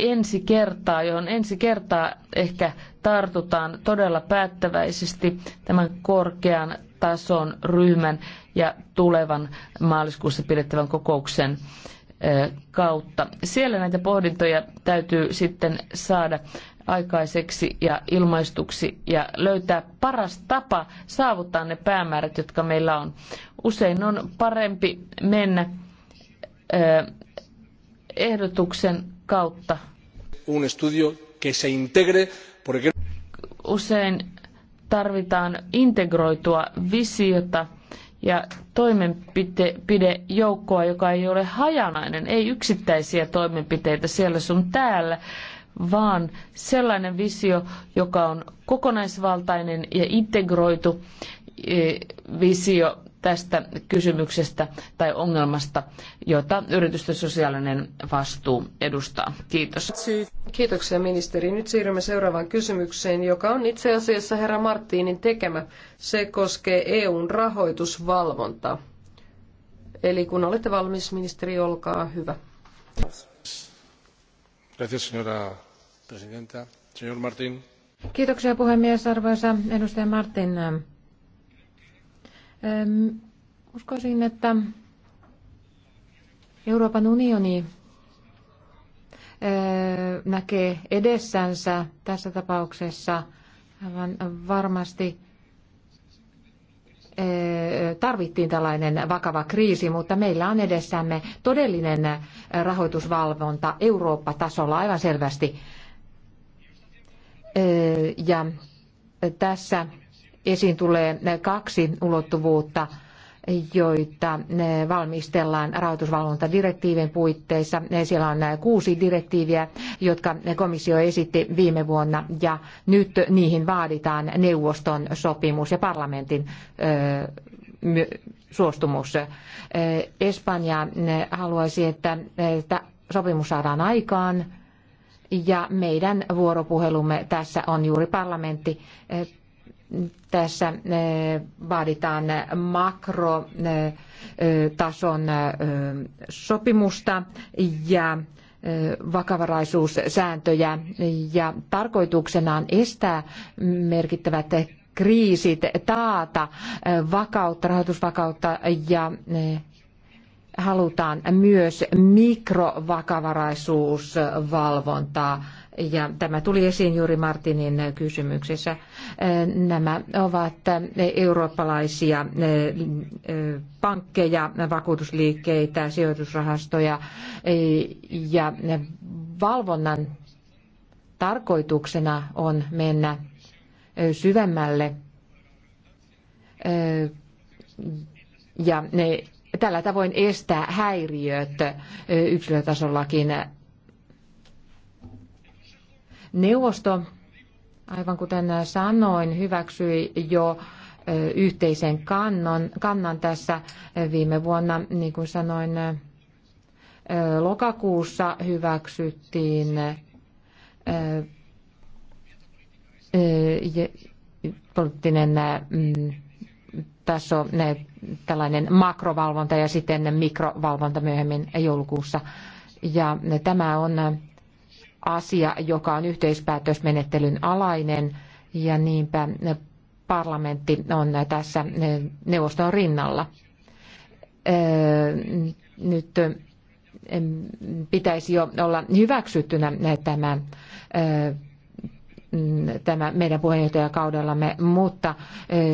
ensi kertaa, johon ensi kertaa ehkä tartutaan todella päättäväisesti tämän korkean tason ryhmän ja tulevan maaliskuussa pidettävän kokouksen kautta. Siellä näitä pohdintoja täytyy sitten saada aikaiseksi ja ilmaistuksi ja löytää paras tapa saavuttaa ne päämäärät, jotka meillä on. Usein on parempi mennä ehdotuksen kautta un estudio que se integre porque... Usein tarvitaan integroitua visiota ja toimenpidejoukkoa, joka ei ole hajanainen, ei yksittäisiä toimenpiteitä siellä sun täällä, vaan sellainen visio, joka on kokonaisvaltainen ja integroitu eh, visio, tästä kysymyksestä tai ongelmasta, jota yritysten sosiaalinen vastuu edustaa. Kiitos. Kiitoksia ministeri. Nyt siirrymme seuraavaan kysymykseen, joka on itse asiassa herra Marttiinin tekemä. Se koskee EUn rahoitusvalvontaa. Eli kun olette valmis, ministeri, olkaa hyvä. Gracias, señora presidenta. Señor Martín. Kiitoksia puhemies, arvoisa edustaja Martin. Uskoisin, että Euroopan unioni eh, näkee edessänsä tässä tapauksessa aivan varmasti eh, tarvittiin tällainen vakava kriisi, mutta meillä on edessämme todellinen eh, rahoitusvalvonta Eurooppa-tasolla aivan selvästi. Ja tässä esiin tulee kaksi ulottuvuutta, joita valmistellaan rahoitusvalvontadirektiivin puitteissa. Siellä on kuusi direktiiviä, jotka komissio esitti viime vuonna ja nyt niihin vaaditaan neuvoston sopimus ja parlamentin suostumus. Espanja haluaisi, että sopimus saadaan aikaan ja meidän vuoropuhelumme tässä on juuri parlamentti tässä eh, vaaditaan makrotason eh, sopimusta ja eh, vakavaraisuussääntöjä ja tarkoituksena on estää merkittävät kriisit, taata vakautta, rahoitusvakautta ja halutaan myös mikrovakavaraisuusvalvontaa ja tämä tuli esiin juuri Martinin kysymyksessä. Nämä ovat eurooppalaisia eh, pankkeja, vakuutusliikkeitä, sijoitusrahastoja eh, ja valvonnan tarkoituksena on mennä eh, syvemmälle ja ne, tällä tavoin estää häiriöt yksilötasollakin Neuvosto, aivan kuten sanoin, hyväksyi jo yhteisen kannon, kannan tässä viime vuonna, niin kuin sanoin, lokakuussa hyväksyttiin poliittinen mm, taso, tällainen makrovalvonta ja sitten mikrovalvonta myöhemmin joulukuussa. Ja tämä on asia, joka on yhteispäätösmenettelyn alainen ja niinpä parlamentti on tässä eh, neuvoston rinnalla. Eh, nyt eh, pitäisi jo olla hyväksyttynä tämä, tämä meidän puheenjohtajakaudellamme, mutta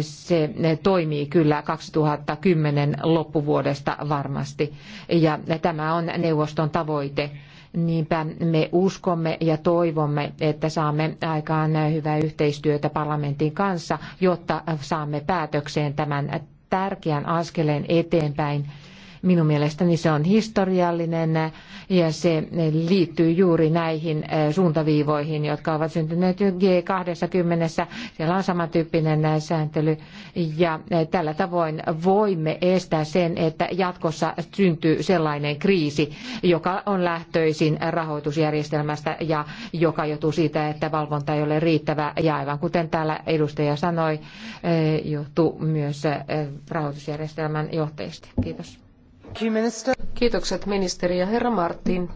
se toimii kyllä 2010 loppuvuodesta varmasti. Ja tämä on neuvoston tavoite Niinpä me uskomme ja toivomme, että saamme aikaan hyvää yhteistyötä parlamentin kanssa, jotta saamme päätökseen tämän tärkeän askeleen eteenpäin Minun mielestäni se on historiallinen ja se liittyy juuri näihin eh, suuntaviivoihin, jotka ovat syntyneet G20. Siellä on samantyyppinen eh, sääntely ja eh, tällä tavoin voimme estää sen, että jatkossa syntyy sellainen kriisi, joka on lähtöisin rahoitusjärjestelmästä ja joka johtuu siitä, että valvonta ei ole riittävä. Ja aivan kuten täällä edustaja sanoi, johtuu myös rahoitusjärjestelmän johtajista. Kiitos. Kiitokset ministeri ja herra Martin.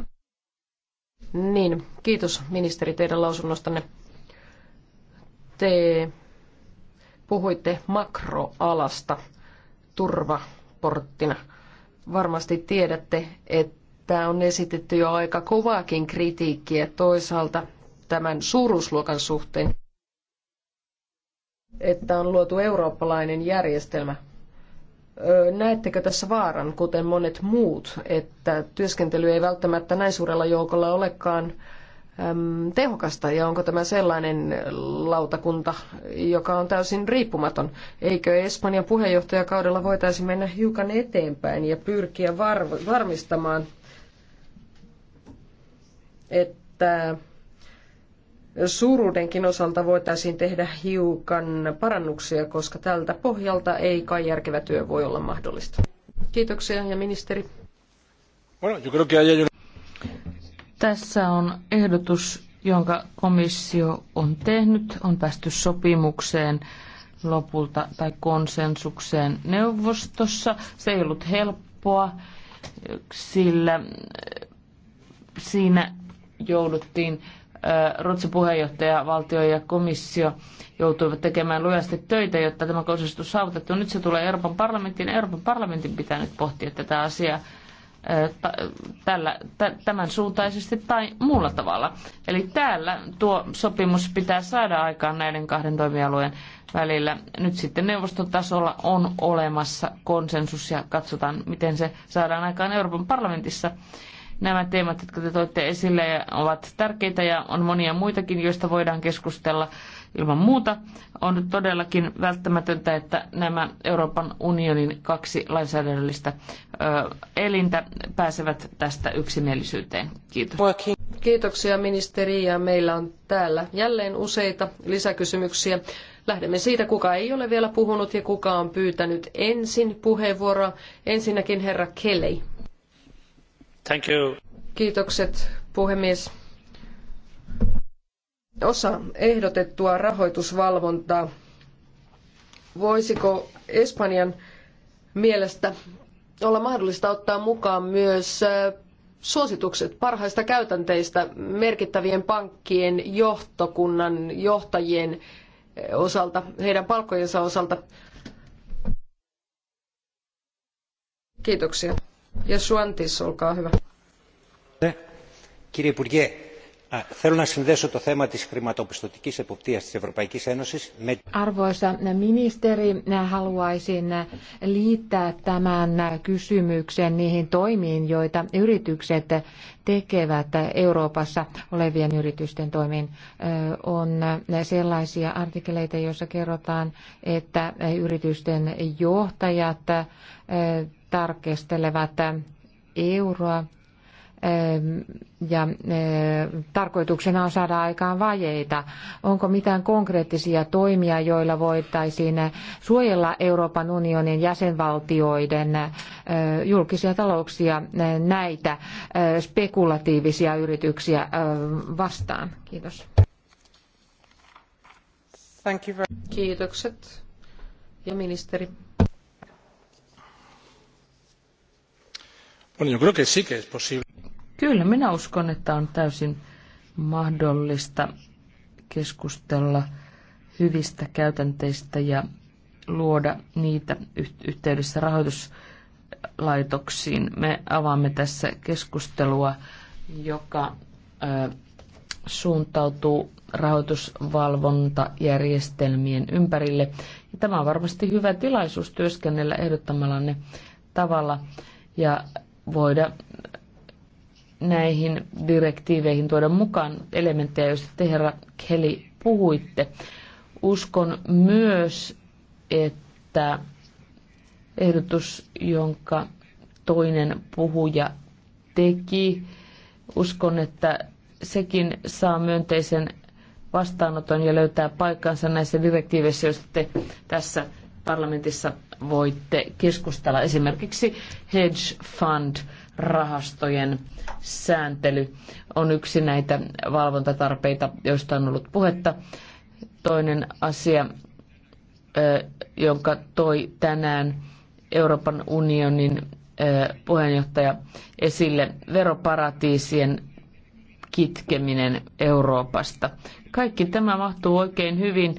Niin, kiitos ministeri teidän lausunnostanne. Te puhuitte makroalasta turvaporttina. Varmasti tiedätte, että on esitetty jo aika kovaakin kritiikkiä toisaalta tämän suuruusluokan suhteen, että on luotu eurooppalainen järjestelmä Näettekö tässä vaaran, kuten monet muut, että työskentely ei välttämättä näin suurella joukolla olekaan tehokasta ja onko tämä sellainen lautakunta, joka on täysin riippumaton? Eikö Espanjan puheenjohtajakaudella voitaisi mennä hiukan eteenpäin ja pyrkiä varmistamaan, että suuruudenkin osalta voitaisiin tehdä hiukan parannuksia, koska tältä pohjalta ei kai järkevä työ voi olla mahdollista. Kiitoksia ja ministeri. Tässä on ehdotus, jonka komissio on tehnyt. On päästy sopimukseen lopulta tai konsensukseen neuvostossa. Se ei ollut helppoa, sillä siinä jouduttiin Ruotsin puheenjohtaja, valtio ja komissio joutuivat tekemään lujasti töitä, jotta tämä konsensus saavutettu. Nyt se tulee Euroopan parlamenttiin. Euroopan parlamentin pitää nyt pohtia tätä asiaa tällä, tämän suuntaisesti tai muulla tavalla. Eli täällä tuo sopimus pitää saada aikaan näiden kahden toimialueen välillä. Nyt sitten neuvoston tasolla on olemassa konsensus ja katsotaan, miten se saadaan aikaan Euroopan parlamentissa. Nämä teemat, jotka te toitte esille, ovat tärkeitä ja on monia muitakin, joista voidaan keskustella ilman muuta. On todellakin välttämätöntä, että nämä Euroopan unionin kaksi lainsäädännöllistä elintä pääsevät tästä yksimielisyyteen. Kiitos. Kiitoksia ministeri ja meillä on täällä jälleen useita lisäkysymyksiä. Lähdemme siitä, kuka ei ole vielä puhunut ja kuka on pyytänyt ensin puheenvuoroa. Ensinnäkin herra Kelei. Thank you. Kiitokset, puhemies. Osa ehdotettua rahoitusvalvontaa. Voisiko Espanjan mielestä olla mahdollista ottaa mukaan myös äh, suositukset parhaista käytänteistä merkittävien pankkien johtokunnan johtajien äh, osalta, heidän palkkojensa osalta. Kiitoksia. Ja Suantis, Κύριε Υπουργέ, θέλω να συνδέσω το θέμα της χρηματοπιστωτικής εποπτείας της Ευρωπαϊκής Ένωσης με... Arvoisa ministeri, haluaisin liittää tämän kysymyksen niihin toimiin, joita yritykset tekevät Euroopassa olevien yritysten toimiin. On sellaisia artikkeleita, joissa kerrotaan, että yritysten johtajat tarkistelevat euroa ja tarkoituksena on saada aikaan vajeita. Onko mitään konkreettisia toimia, joilla voitaisiin suojella Euroopan unionin jäsenvaltioiden julkisia talouksia näitä spekulatiivisia yrityksiä vastaan? Kiitos. Kiitokset. Ja ministeri. Bueno, yo creo que sí que es posible. Kyllä, minä uskon, että on täysin mahdollista keskustella hyvistä käytänteistä ja luoda niitä yhteydessä rahoituslaitoksiin. Me avaamme tässä keskustelua, joka ö, suuntautuu rahoitusvalvontajärjestelmien ympärille. Ja tämä on varmasti hyvä tilaisuus työskennellä ehdottamallanne tavalla. Ja voida näihin direktiiveihin tuoda mukaan elementtejä, joista te herra Kelly puhuitte. Uskon myös, että ehdotus, jonka toinen puhuja teki, uskon, että sekin saa myönteisen vastaanoton ja löytää paikkansa näissä direktiiveissä, joista te tässä parlamentissa voitte keskustella esimerkiksi hedge fund rahastojen sääntely on yksi näitä valvontatarpeita, joista on ollut puhetta. Toinen asia, jonka toi tänään Euroopan unionin puheenjohtaja esille, veroparatiisien kitkeminen Euroopasta. Kaikki tämä mahtuu oikein hyvin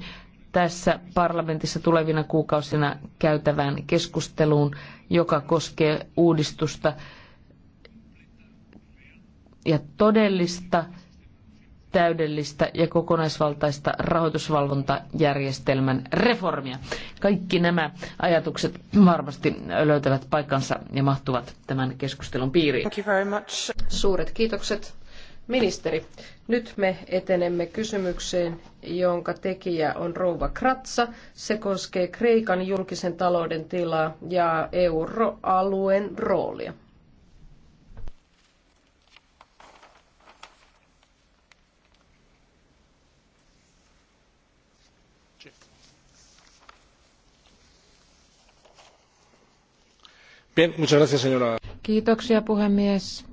tässä parlamentissa tulevina kuukausina käytävään keskusteluun, joka koskee uudistusta ja todellista, täydellistä ja kokonaisvaltaista rahoitusvalvontajärjestelmän reformia. Kaikki nämä ajatukset varmasti löytävät paikkansa ja mahtuvat tämän keskustelun piiriin. Suuret kiitokset. Ministeri, nyt me etenemme kysymykseen, jonka tekijä on rouva Kratsa. Se koskee Kreikan julkisen talouden tilaa ja euroalueen roolia. Kiitoksia puhemies.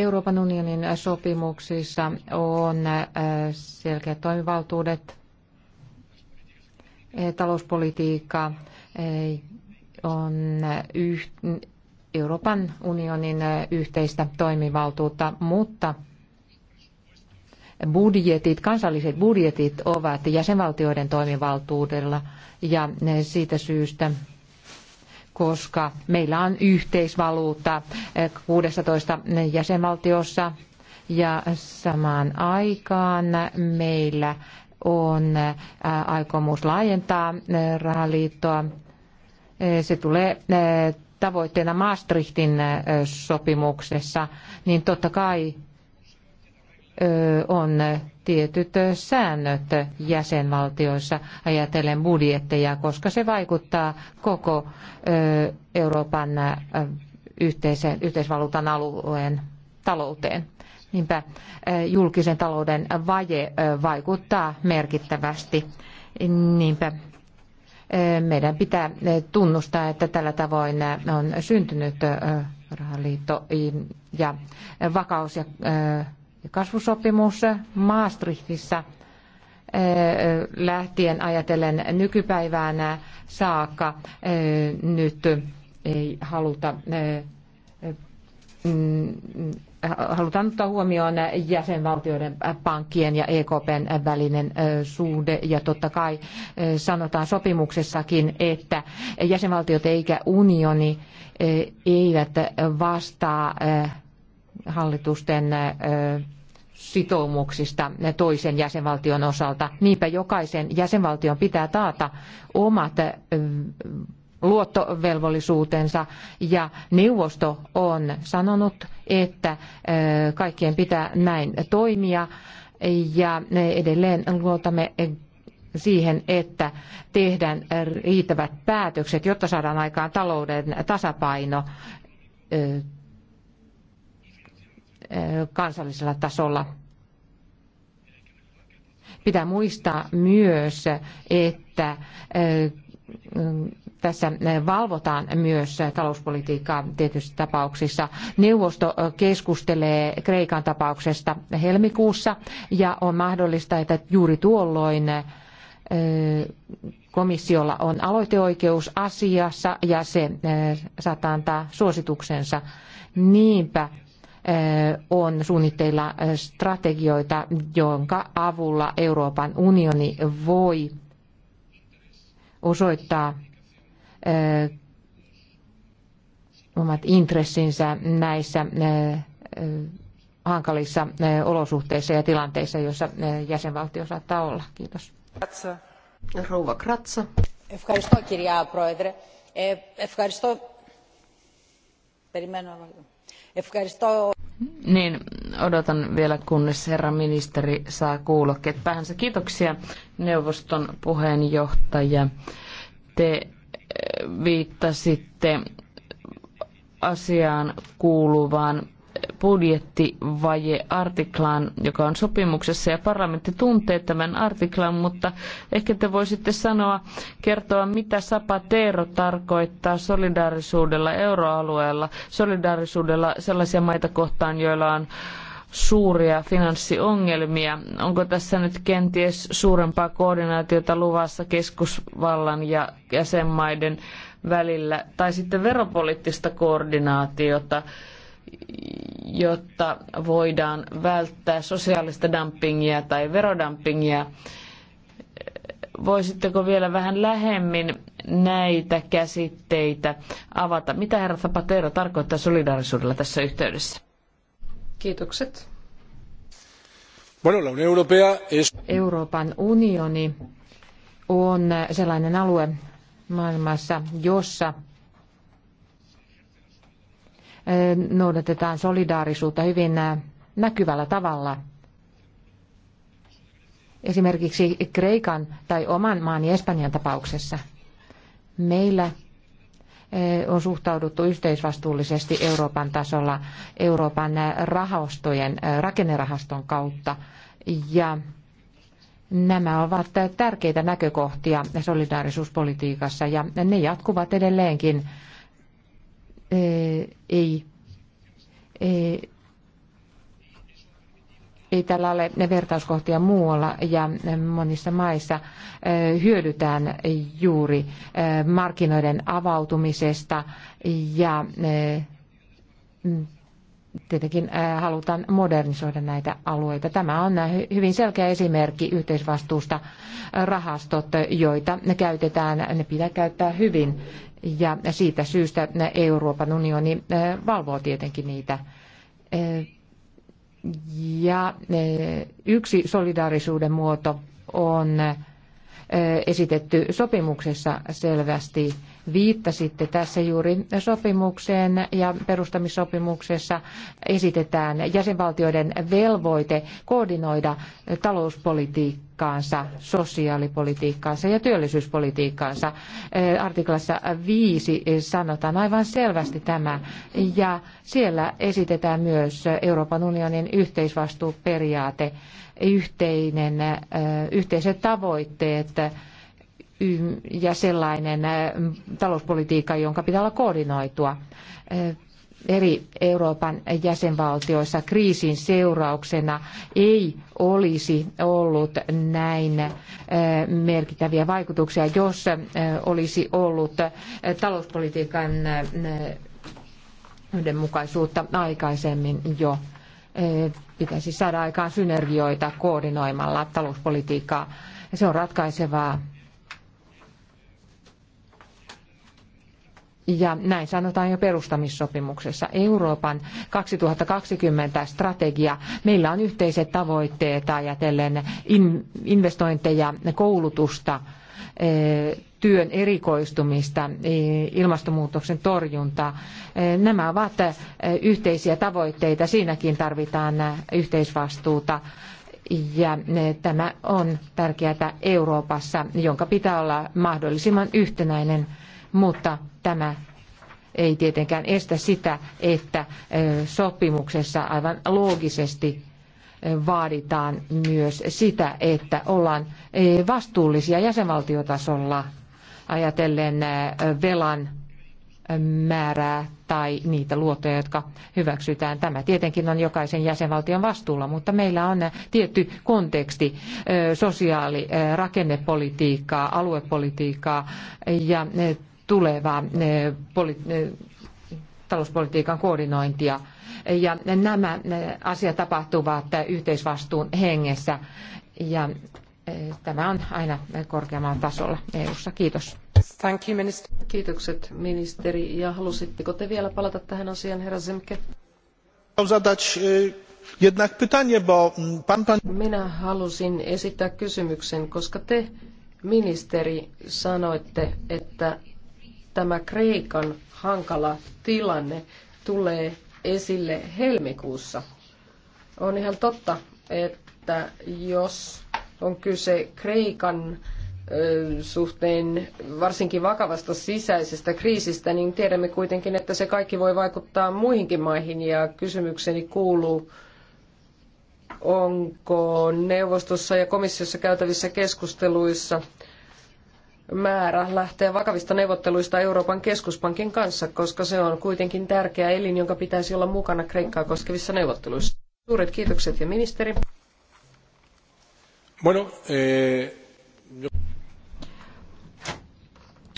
Euroopan unionin sopimuksissa on äh, selkeät toimivaltuudet, äh, talouspolitiikka äh, on Euroopan unionin yhteistä toimivaltuutta, mutta budjetit, kansalliset budjetit ovat jäsenvaltioiden toimivaltuudella ja siitä syystä koska meillä on yhteisvaluutta 16 eh, jäsenvaltiossa ja samaan aikaan meillä on eh, aikomus laajentaa eh, rahaliittoa. Se tulee tavoitteena Maastrichtin sopimuksessa, niin totta kai on tietyt säännöt jäsenvaltioissa ajatellen budjetteja, koska se vaikuttaa koko Euroopan yhteisen, yhteisvaluutan alueen talouteen. Niinpä julkisen talouden vaje vaikuttaa merkittävästi. Niinpä meidän pitää tunnustaa, että tällä tavoin on syntynyt rahaliitto ja vakaus ja ja kasvusopimus Maastrichtissa eh, lähtien ajatellen nykypäivään saakka eh, nyt ei haluta eh, mm, halutaan ottaa huomioon jäsenvaltioiden pankkien ja EKPn välinen suhde. Ja totta kai sanotaan sopimuksessakin, että jäsenvaltiot eikä unioni eivät vastaa hallitusten sitoumuksista toisen jäsenvaltion osalta. Niinpä jokaisen jäsenvaltion pitää taata omat luottovelvollisuutensa ja neuvosto on sanonut, että kaikkien pitää näin toimia ja edelleen luotamme siihen, että tehdään riittävät päätökset, jotta saadaan aikaan talouden tasapaino Eh, kansallisella tasolla. Pitää muistaa myös, että eh, tässä valvotaan myös talouspolitiikkaa tietyissä tapauksissa. Neuvosto keskustelee Kreikan tapauksesta helmikuussa ja on mahdollista, että juuri tuolloin eh, komissiolla on aloiteoikeus asiassa ja se saattaa antaa suosituksensa. Niinpä on suunnitteilla strategioita, jonka avulla Euroopan unioni voi osoittaa omat intressinsä näissä hankalissa olosuhteissa ja tilanteissa, joissa jäsenvaltio saattaa olla. Kiitos. Rouva Kratsa. Ευχαριστώ κυρία Πρόεδρε. ευχαριστώ. Περιμένω. Niin, odotan vielä kunnes herra ministeri saa kuulokkeet päänsä. Kiitoksia neuvoston puheenjohtaja. Te eh, viittasitte asiaan kuuluvaan budjettivaje artiklaan, joka on sopimuksessa ja parlamentti tuntee tämän artiklan, mutta ehkä te voisitte sanoa, kertoa mitä Zapatero tarkoittaa solidaarisuudella euroalueella, solidaarisuudella sellaisia maita kohtaan, joilla on suuria finanssiongelmia. Onko tässä nyt kenties suurempaa koordinaatiota luvassa keskusvallan ja jäsenmaiden välillä tai sitten veropoliittista koordinaatiota? jotta voidaan välttää sosiaalista dumpingia tai verodumpingia. Voisitteko vielä vähän lähemmin näitä käsitteitä avata? Mitä herra Zapatero tarkoittaa solidaarisuudella tässä yhteydessä? Kiitokset. Euroopan unioni on sellainen alue maailmassa, jossa noudatetaan solidaarisuutta hyvin näkyvällä tavalla. Esimerkiksi Kreikan tai oman maani Espanjan tapauksessa. Meillä on suhtauduttu yhteisvastuullisesti Euroopan tasolla Euroopan rahastojen, rakennerahaston kautta. Ja nämä ovat tärkeitä näkökohtia solidaarisuuspolitiikassa ja ne jatkuvat edelleenkin ei, ei, ei tällä ole vertauskohtia muualla ja monissa maissa hyödytään juuri markkinoiden avautumisesta ja tietenkin halutaan modernisoida näitä alueita. Tämä on hyvin selkeä esimerkki yhteisvastuusta rahastot, joita ne käytetään, ne pitää käyttää hyvin ja siitä syystä Euroopan unioni eh, valvoo tietenkin niitä. Eh, ja eh, yksi solidaarisuuden muoto on esitetty sopimuksessa selvästi viittasitte tässä juuri sopimukseen ja perustamissopimuksessa esitetään jäsenvaltioiden velvoite koordinoida talouspolitiikkaansa, sosiaalipolitiikkaansa ja työllisyyspolitiikkaansa. Äh, artiklassa 5 sanotaan aivan selvästi tämä ja siellä esitetään myös Euroopan unionin yhteisvastuuperiaate, yhteinen, äh, yhteiset tavoitteet, ja sellainen talouspolitiikka, jonka pitää olla koordinoitua eri Euroopan jäsenvaltioissa kriisin seurauksena ei olisi ollut näin merkittäviä vaikutuksia, jos olisi ollut talouspolitiikan yhdenmukaisuutta aikaisemmin jo. Pitäisi saada aikaan synergioita koordinoimalla talouspolitiikkaa. Se on ratkaisevaa ja näin sanotaan jo perustamissopimuksessa. Euroopan 2020 strategia, meillä on yhteiset tavoitteet ajatellen investointeja, koulutusta, eh, työn erikoistumista, eh, ilmastonmuutoksen torjuntaa. Eh, nämä ovat yhteisiä tavoitteita. Siinäkin tarvitaan yhteisvastuuta. Ja tämä on tärkeää Euroopassa, jonka pitää olla mahdollisimman yhtenäinen – mutta tämä ei tietenkään estä sitä, että sopimuksessa aivan loogisesti vaaditaan myös sitä, että ollaan vastuullisia jäsenvaltiotasolla ajatellen velan määrää tai niitä luottoja, jotka hyväksytään. Tämä tietenkin on jokaisen jäsenvaltion vastuulla, mutta meillä on tietty konteksti sosiaali- rakennepolitiikkaa, aluepolitiikkaa ja tulevaa eh, eh, talouspolitiikan koordinointia. Ja nämä eh, asiat tapahtuvat yhteisvastuun hengessä ja tämä on aina korkeammalla tasolla EU-ssa. Kiitos. Thank you, minister. Kiitokset ministeri. Ja halusitteko te vielä palata tähän asiaan, herra Zemke? Mm, Minä halusin esittää kysymyksen, koska te ministeri sanoitte, että tämä Kreikan hankala tilanne tulee esille helmikuussa. On ihan totta, että jos on kyse Kreikan suhteen varsinkin vakavasta sisäisestä kriisistä, niin tiedämme kuitenkin, että se kaikki voi vaikuttaa muihinkin maihin ja kysymykseni kuuluu, onko neuvostossa ja komissiossa käytävissä keskusteluissa määrä lähteä vakavista neuvotteluista Euroopan keskuspankin kanssa, koska se on kuitenkin tärkeä elin, jonka pitäisi olla mukana Kreikkaa koskevissa neuvotteluissa. Suuret kiitokset ja ministeri. Bueno, eh...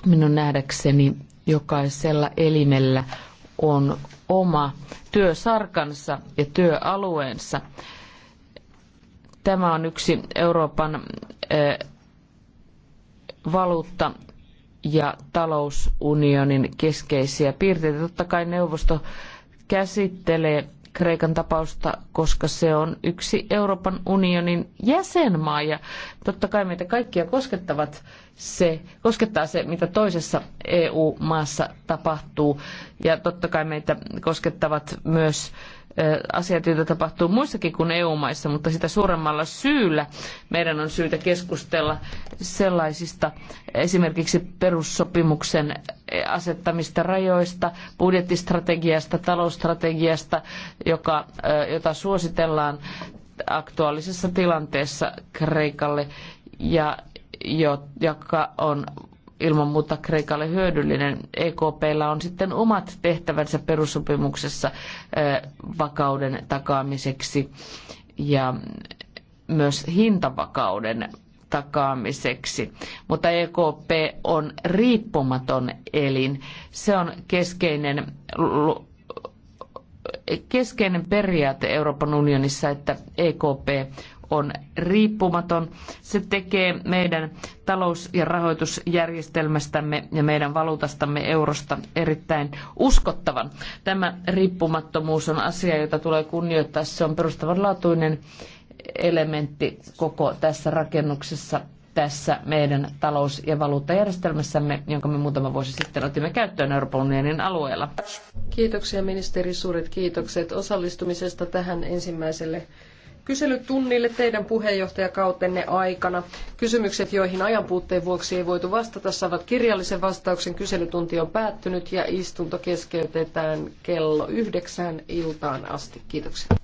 Minun nähdäkseni jokaisella elimellä on oma työsarkansa ja työalueensa. Tämä on yksi Euroopan eh, valuutta ja talousunionin keskeisiä piirteitä. Totta kai neuvosto käsittelee Kreikan tapausta, koska se on yksi Euroopan unionin jäsenmaa ja totta kai meitä kaikkia koskettavat se, koskettaa se, mitä toisessa EU-maassa tapahtuu ja totta kai meitä koskettavat myös asiat, joita tapahtuu muissakin kuin EU-maissa, mutta sitä suuremmalla syyllä meidän on syytä keskustella sellaisista esimerkiksi perussopimuksen asettamista rajoista, budjettistrategiasta, talousstrategiasta, joka, jota suositellaan aktuaalisessa tilanteessa Kreikalle ja joka on ilman muuta Kreikalle hyödyllinen. EKPllä on sitten omat tehtävänsä perussopimuksessa vakauden takaamiseksi ja myös hintavakauden takaamiseksi. Mutta EKP on riippumaton elin. Se on keskeinen keskeinen periaate Euroopan unionissa, että EKP on riippumaton. Se tekee meidän talous- ja rahoitusjärjestelmästämme ja meidän valuutastamme eurosta erittäin uskottavan. Tämä riippumattomuus on asia, jota tulee kunnioittaa. Se on perustavanlaatuinen elementti koko tässä rakennuksessa tässä meidän talous- ja valuuttajärjestelmässämme, jonka me muutama vuosi sitten otimme käyttöön Euroopan unionin alueella. Kiitoksia ministeri, suuret kiitokset osallistumisesta tähän ensimmäiselle kyselytunnille teidän puheenjohtajakautenne aikana. Kysymykset, joihin ajanpuutteen vuoksi ei voitu vastata, saavat kirjallisen vastauksen. Kyselytunti on päättynyt ja istunto keskeytetään kello yhdeksään iltaan asti. Kiitoksia.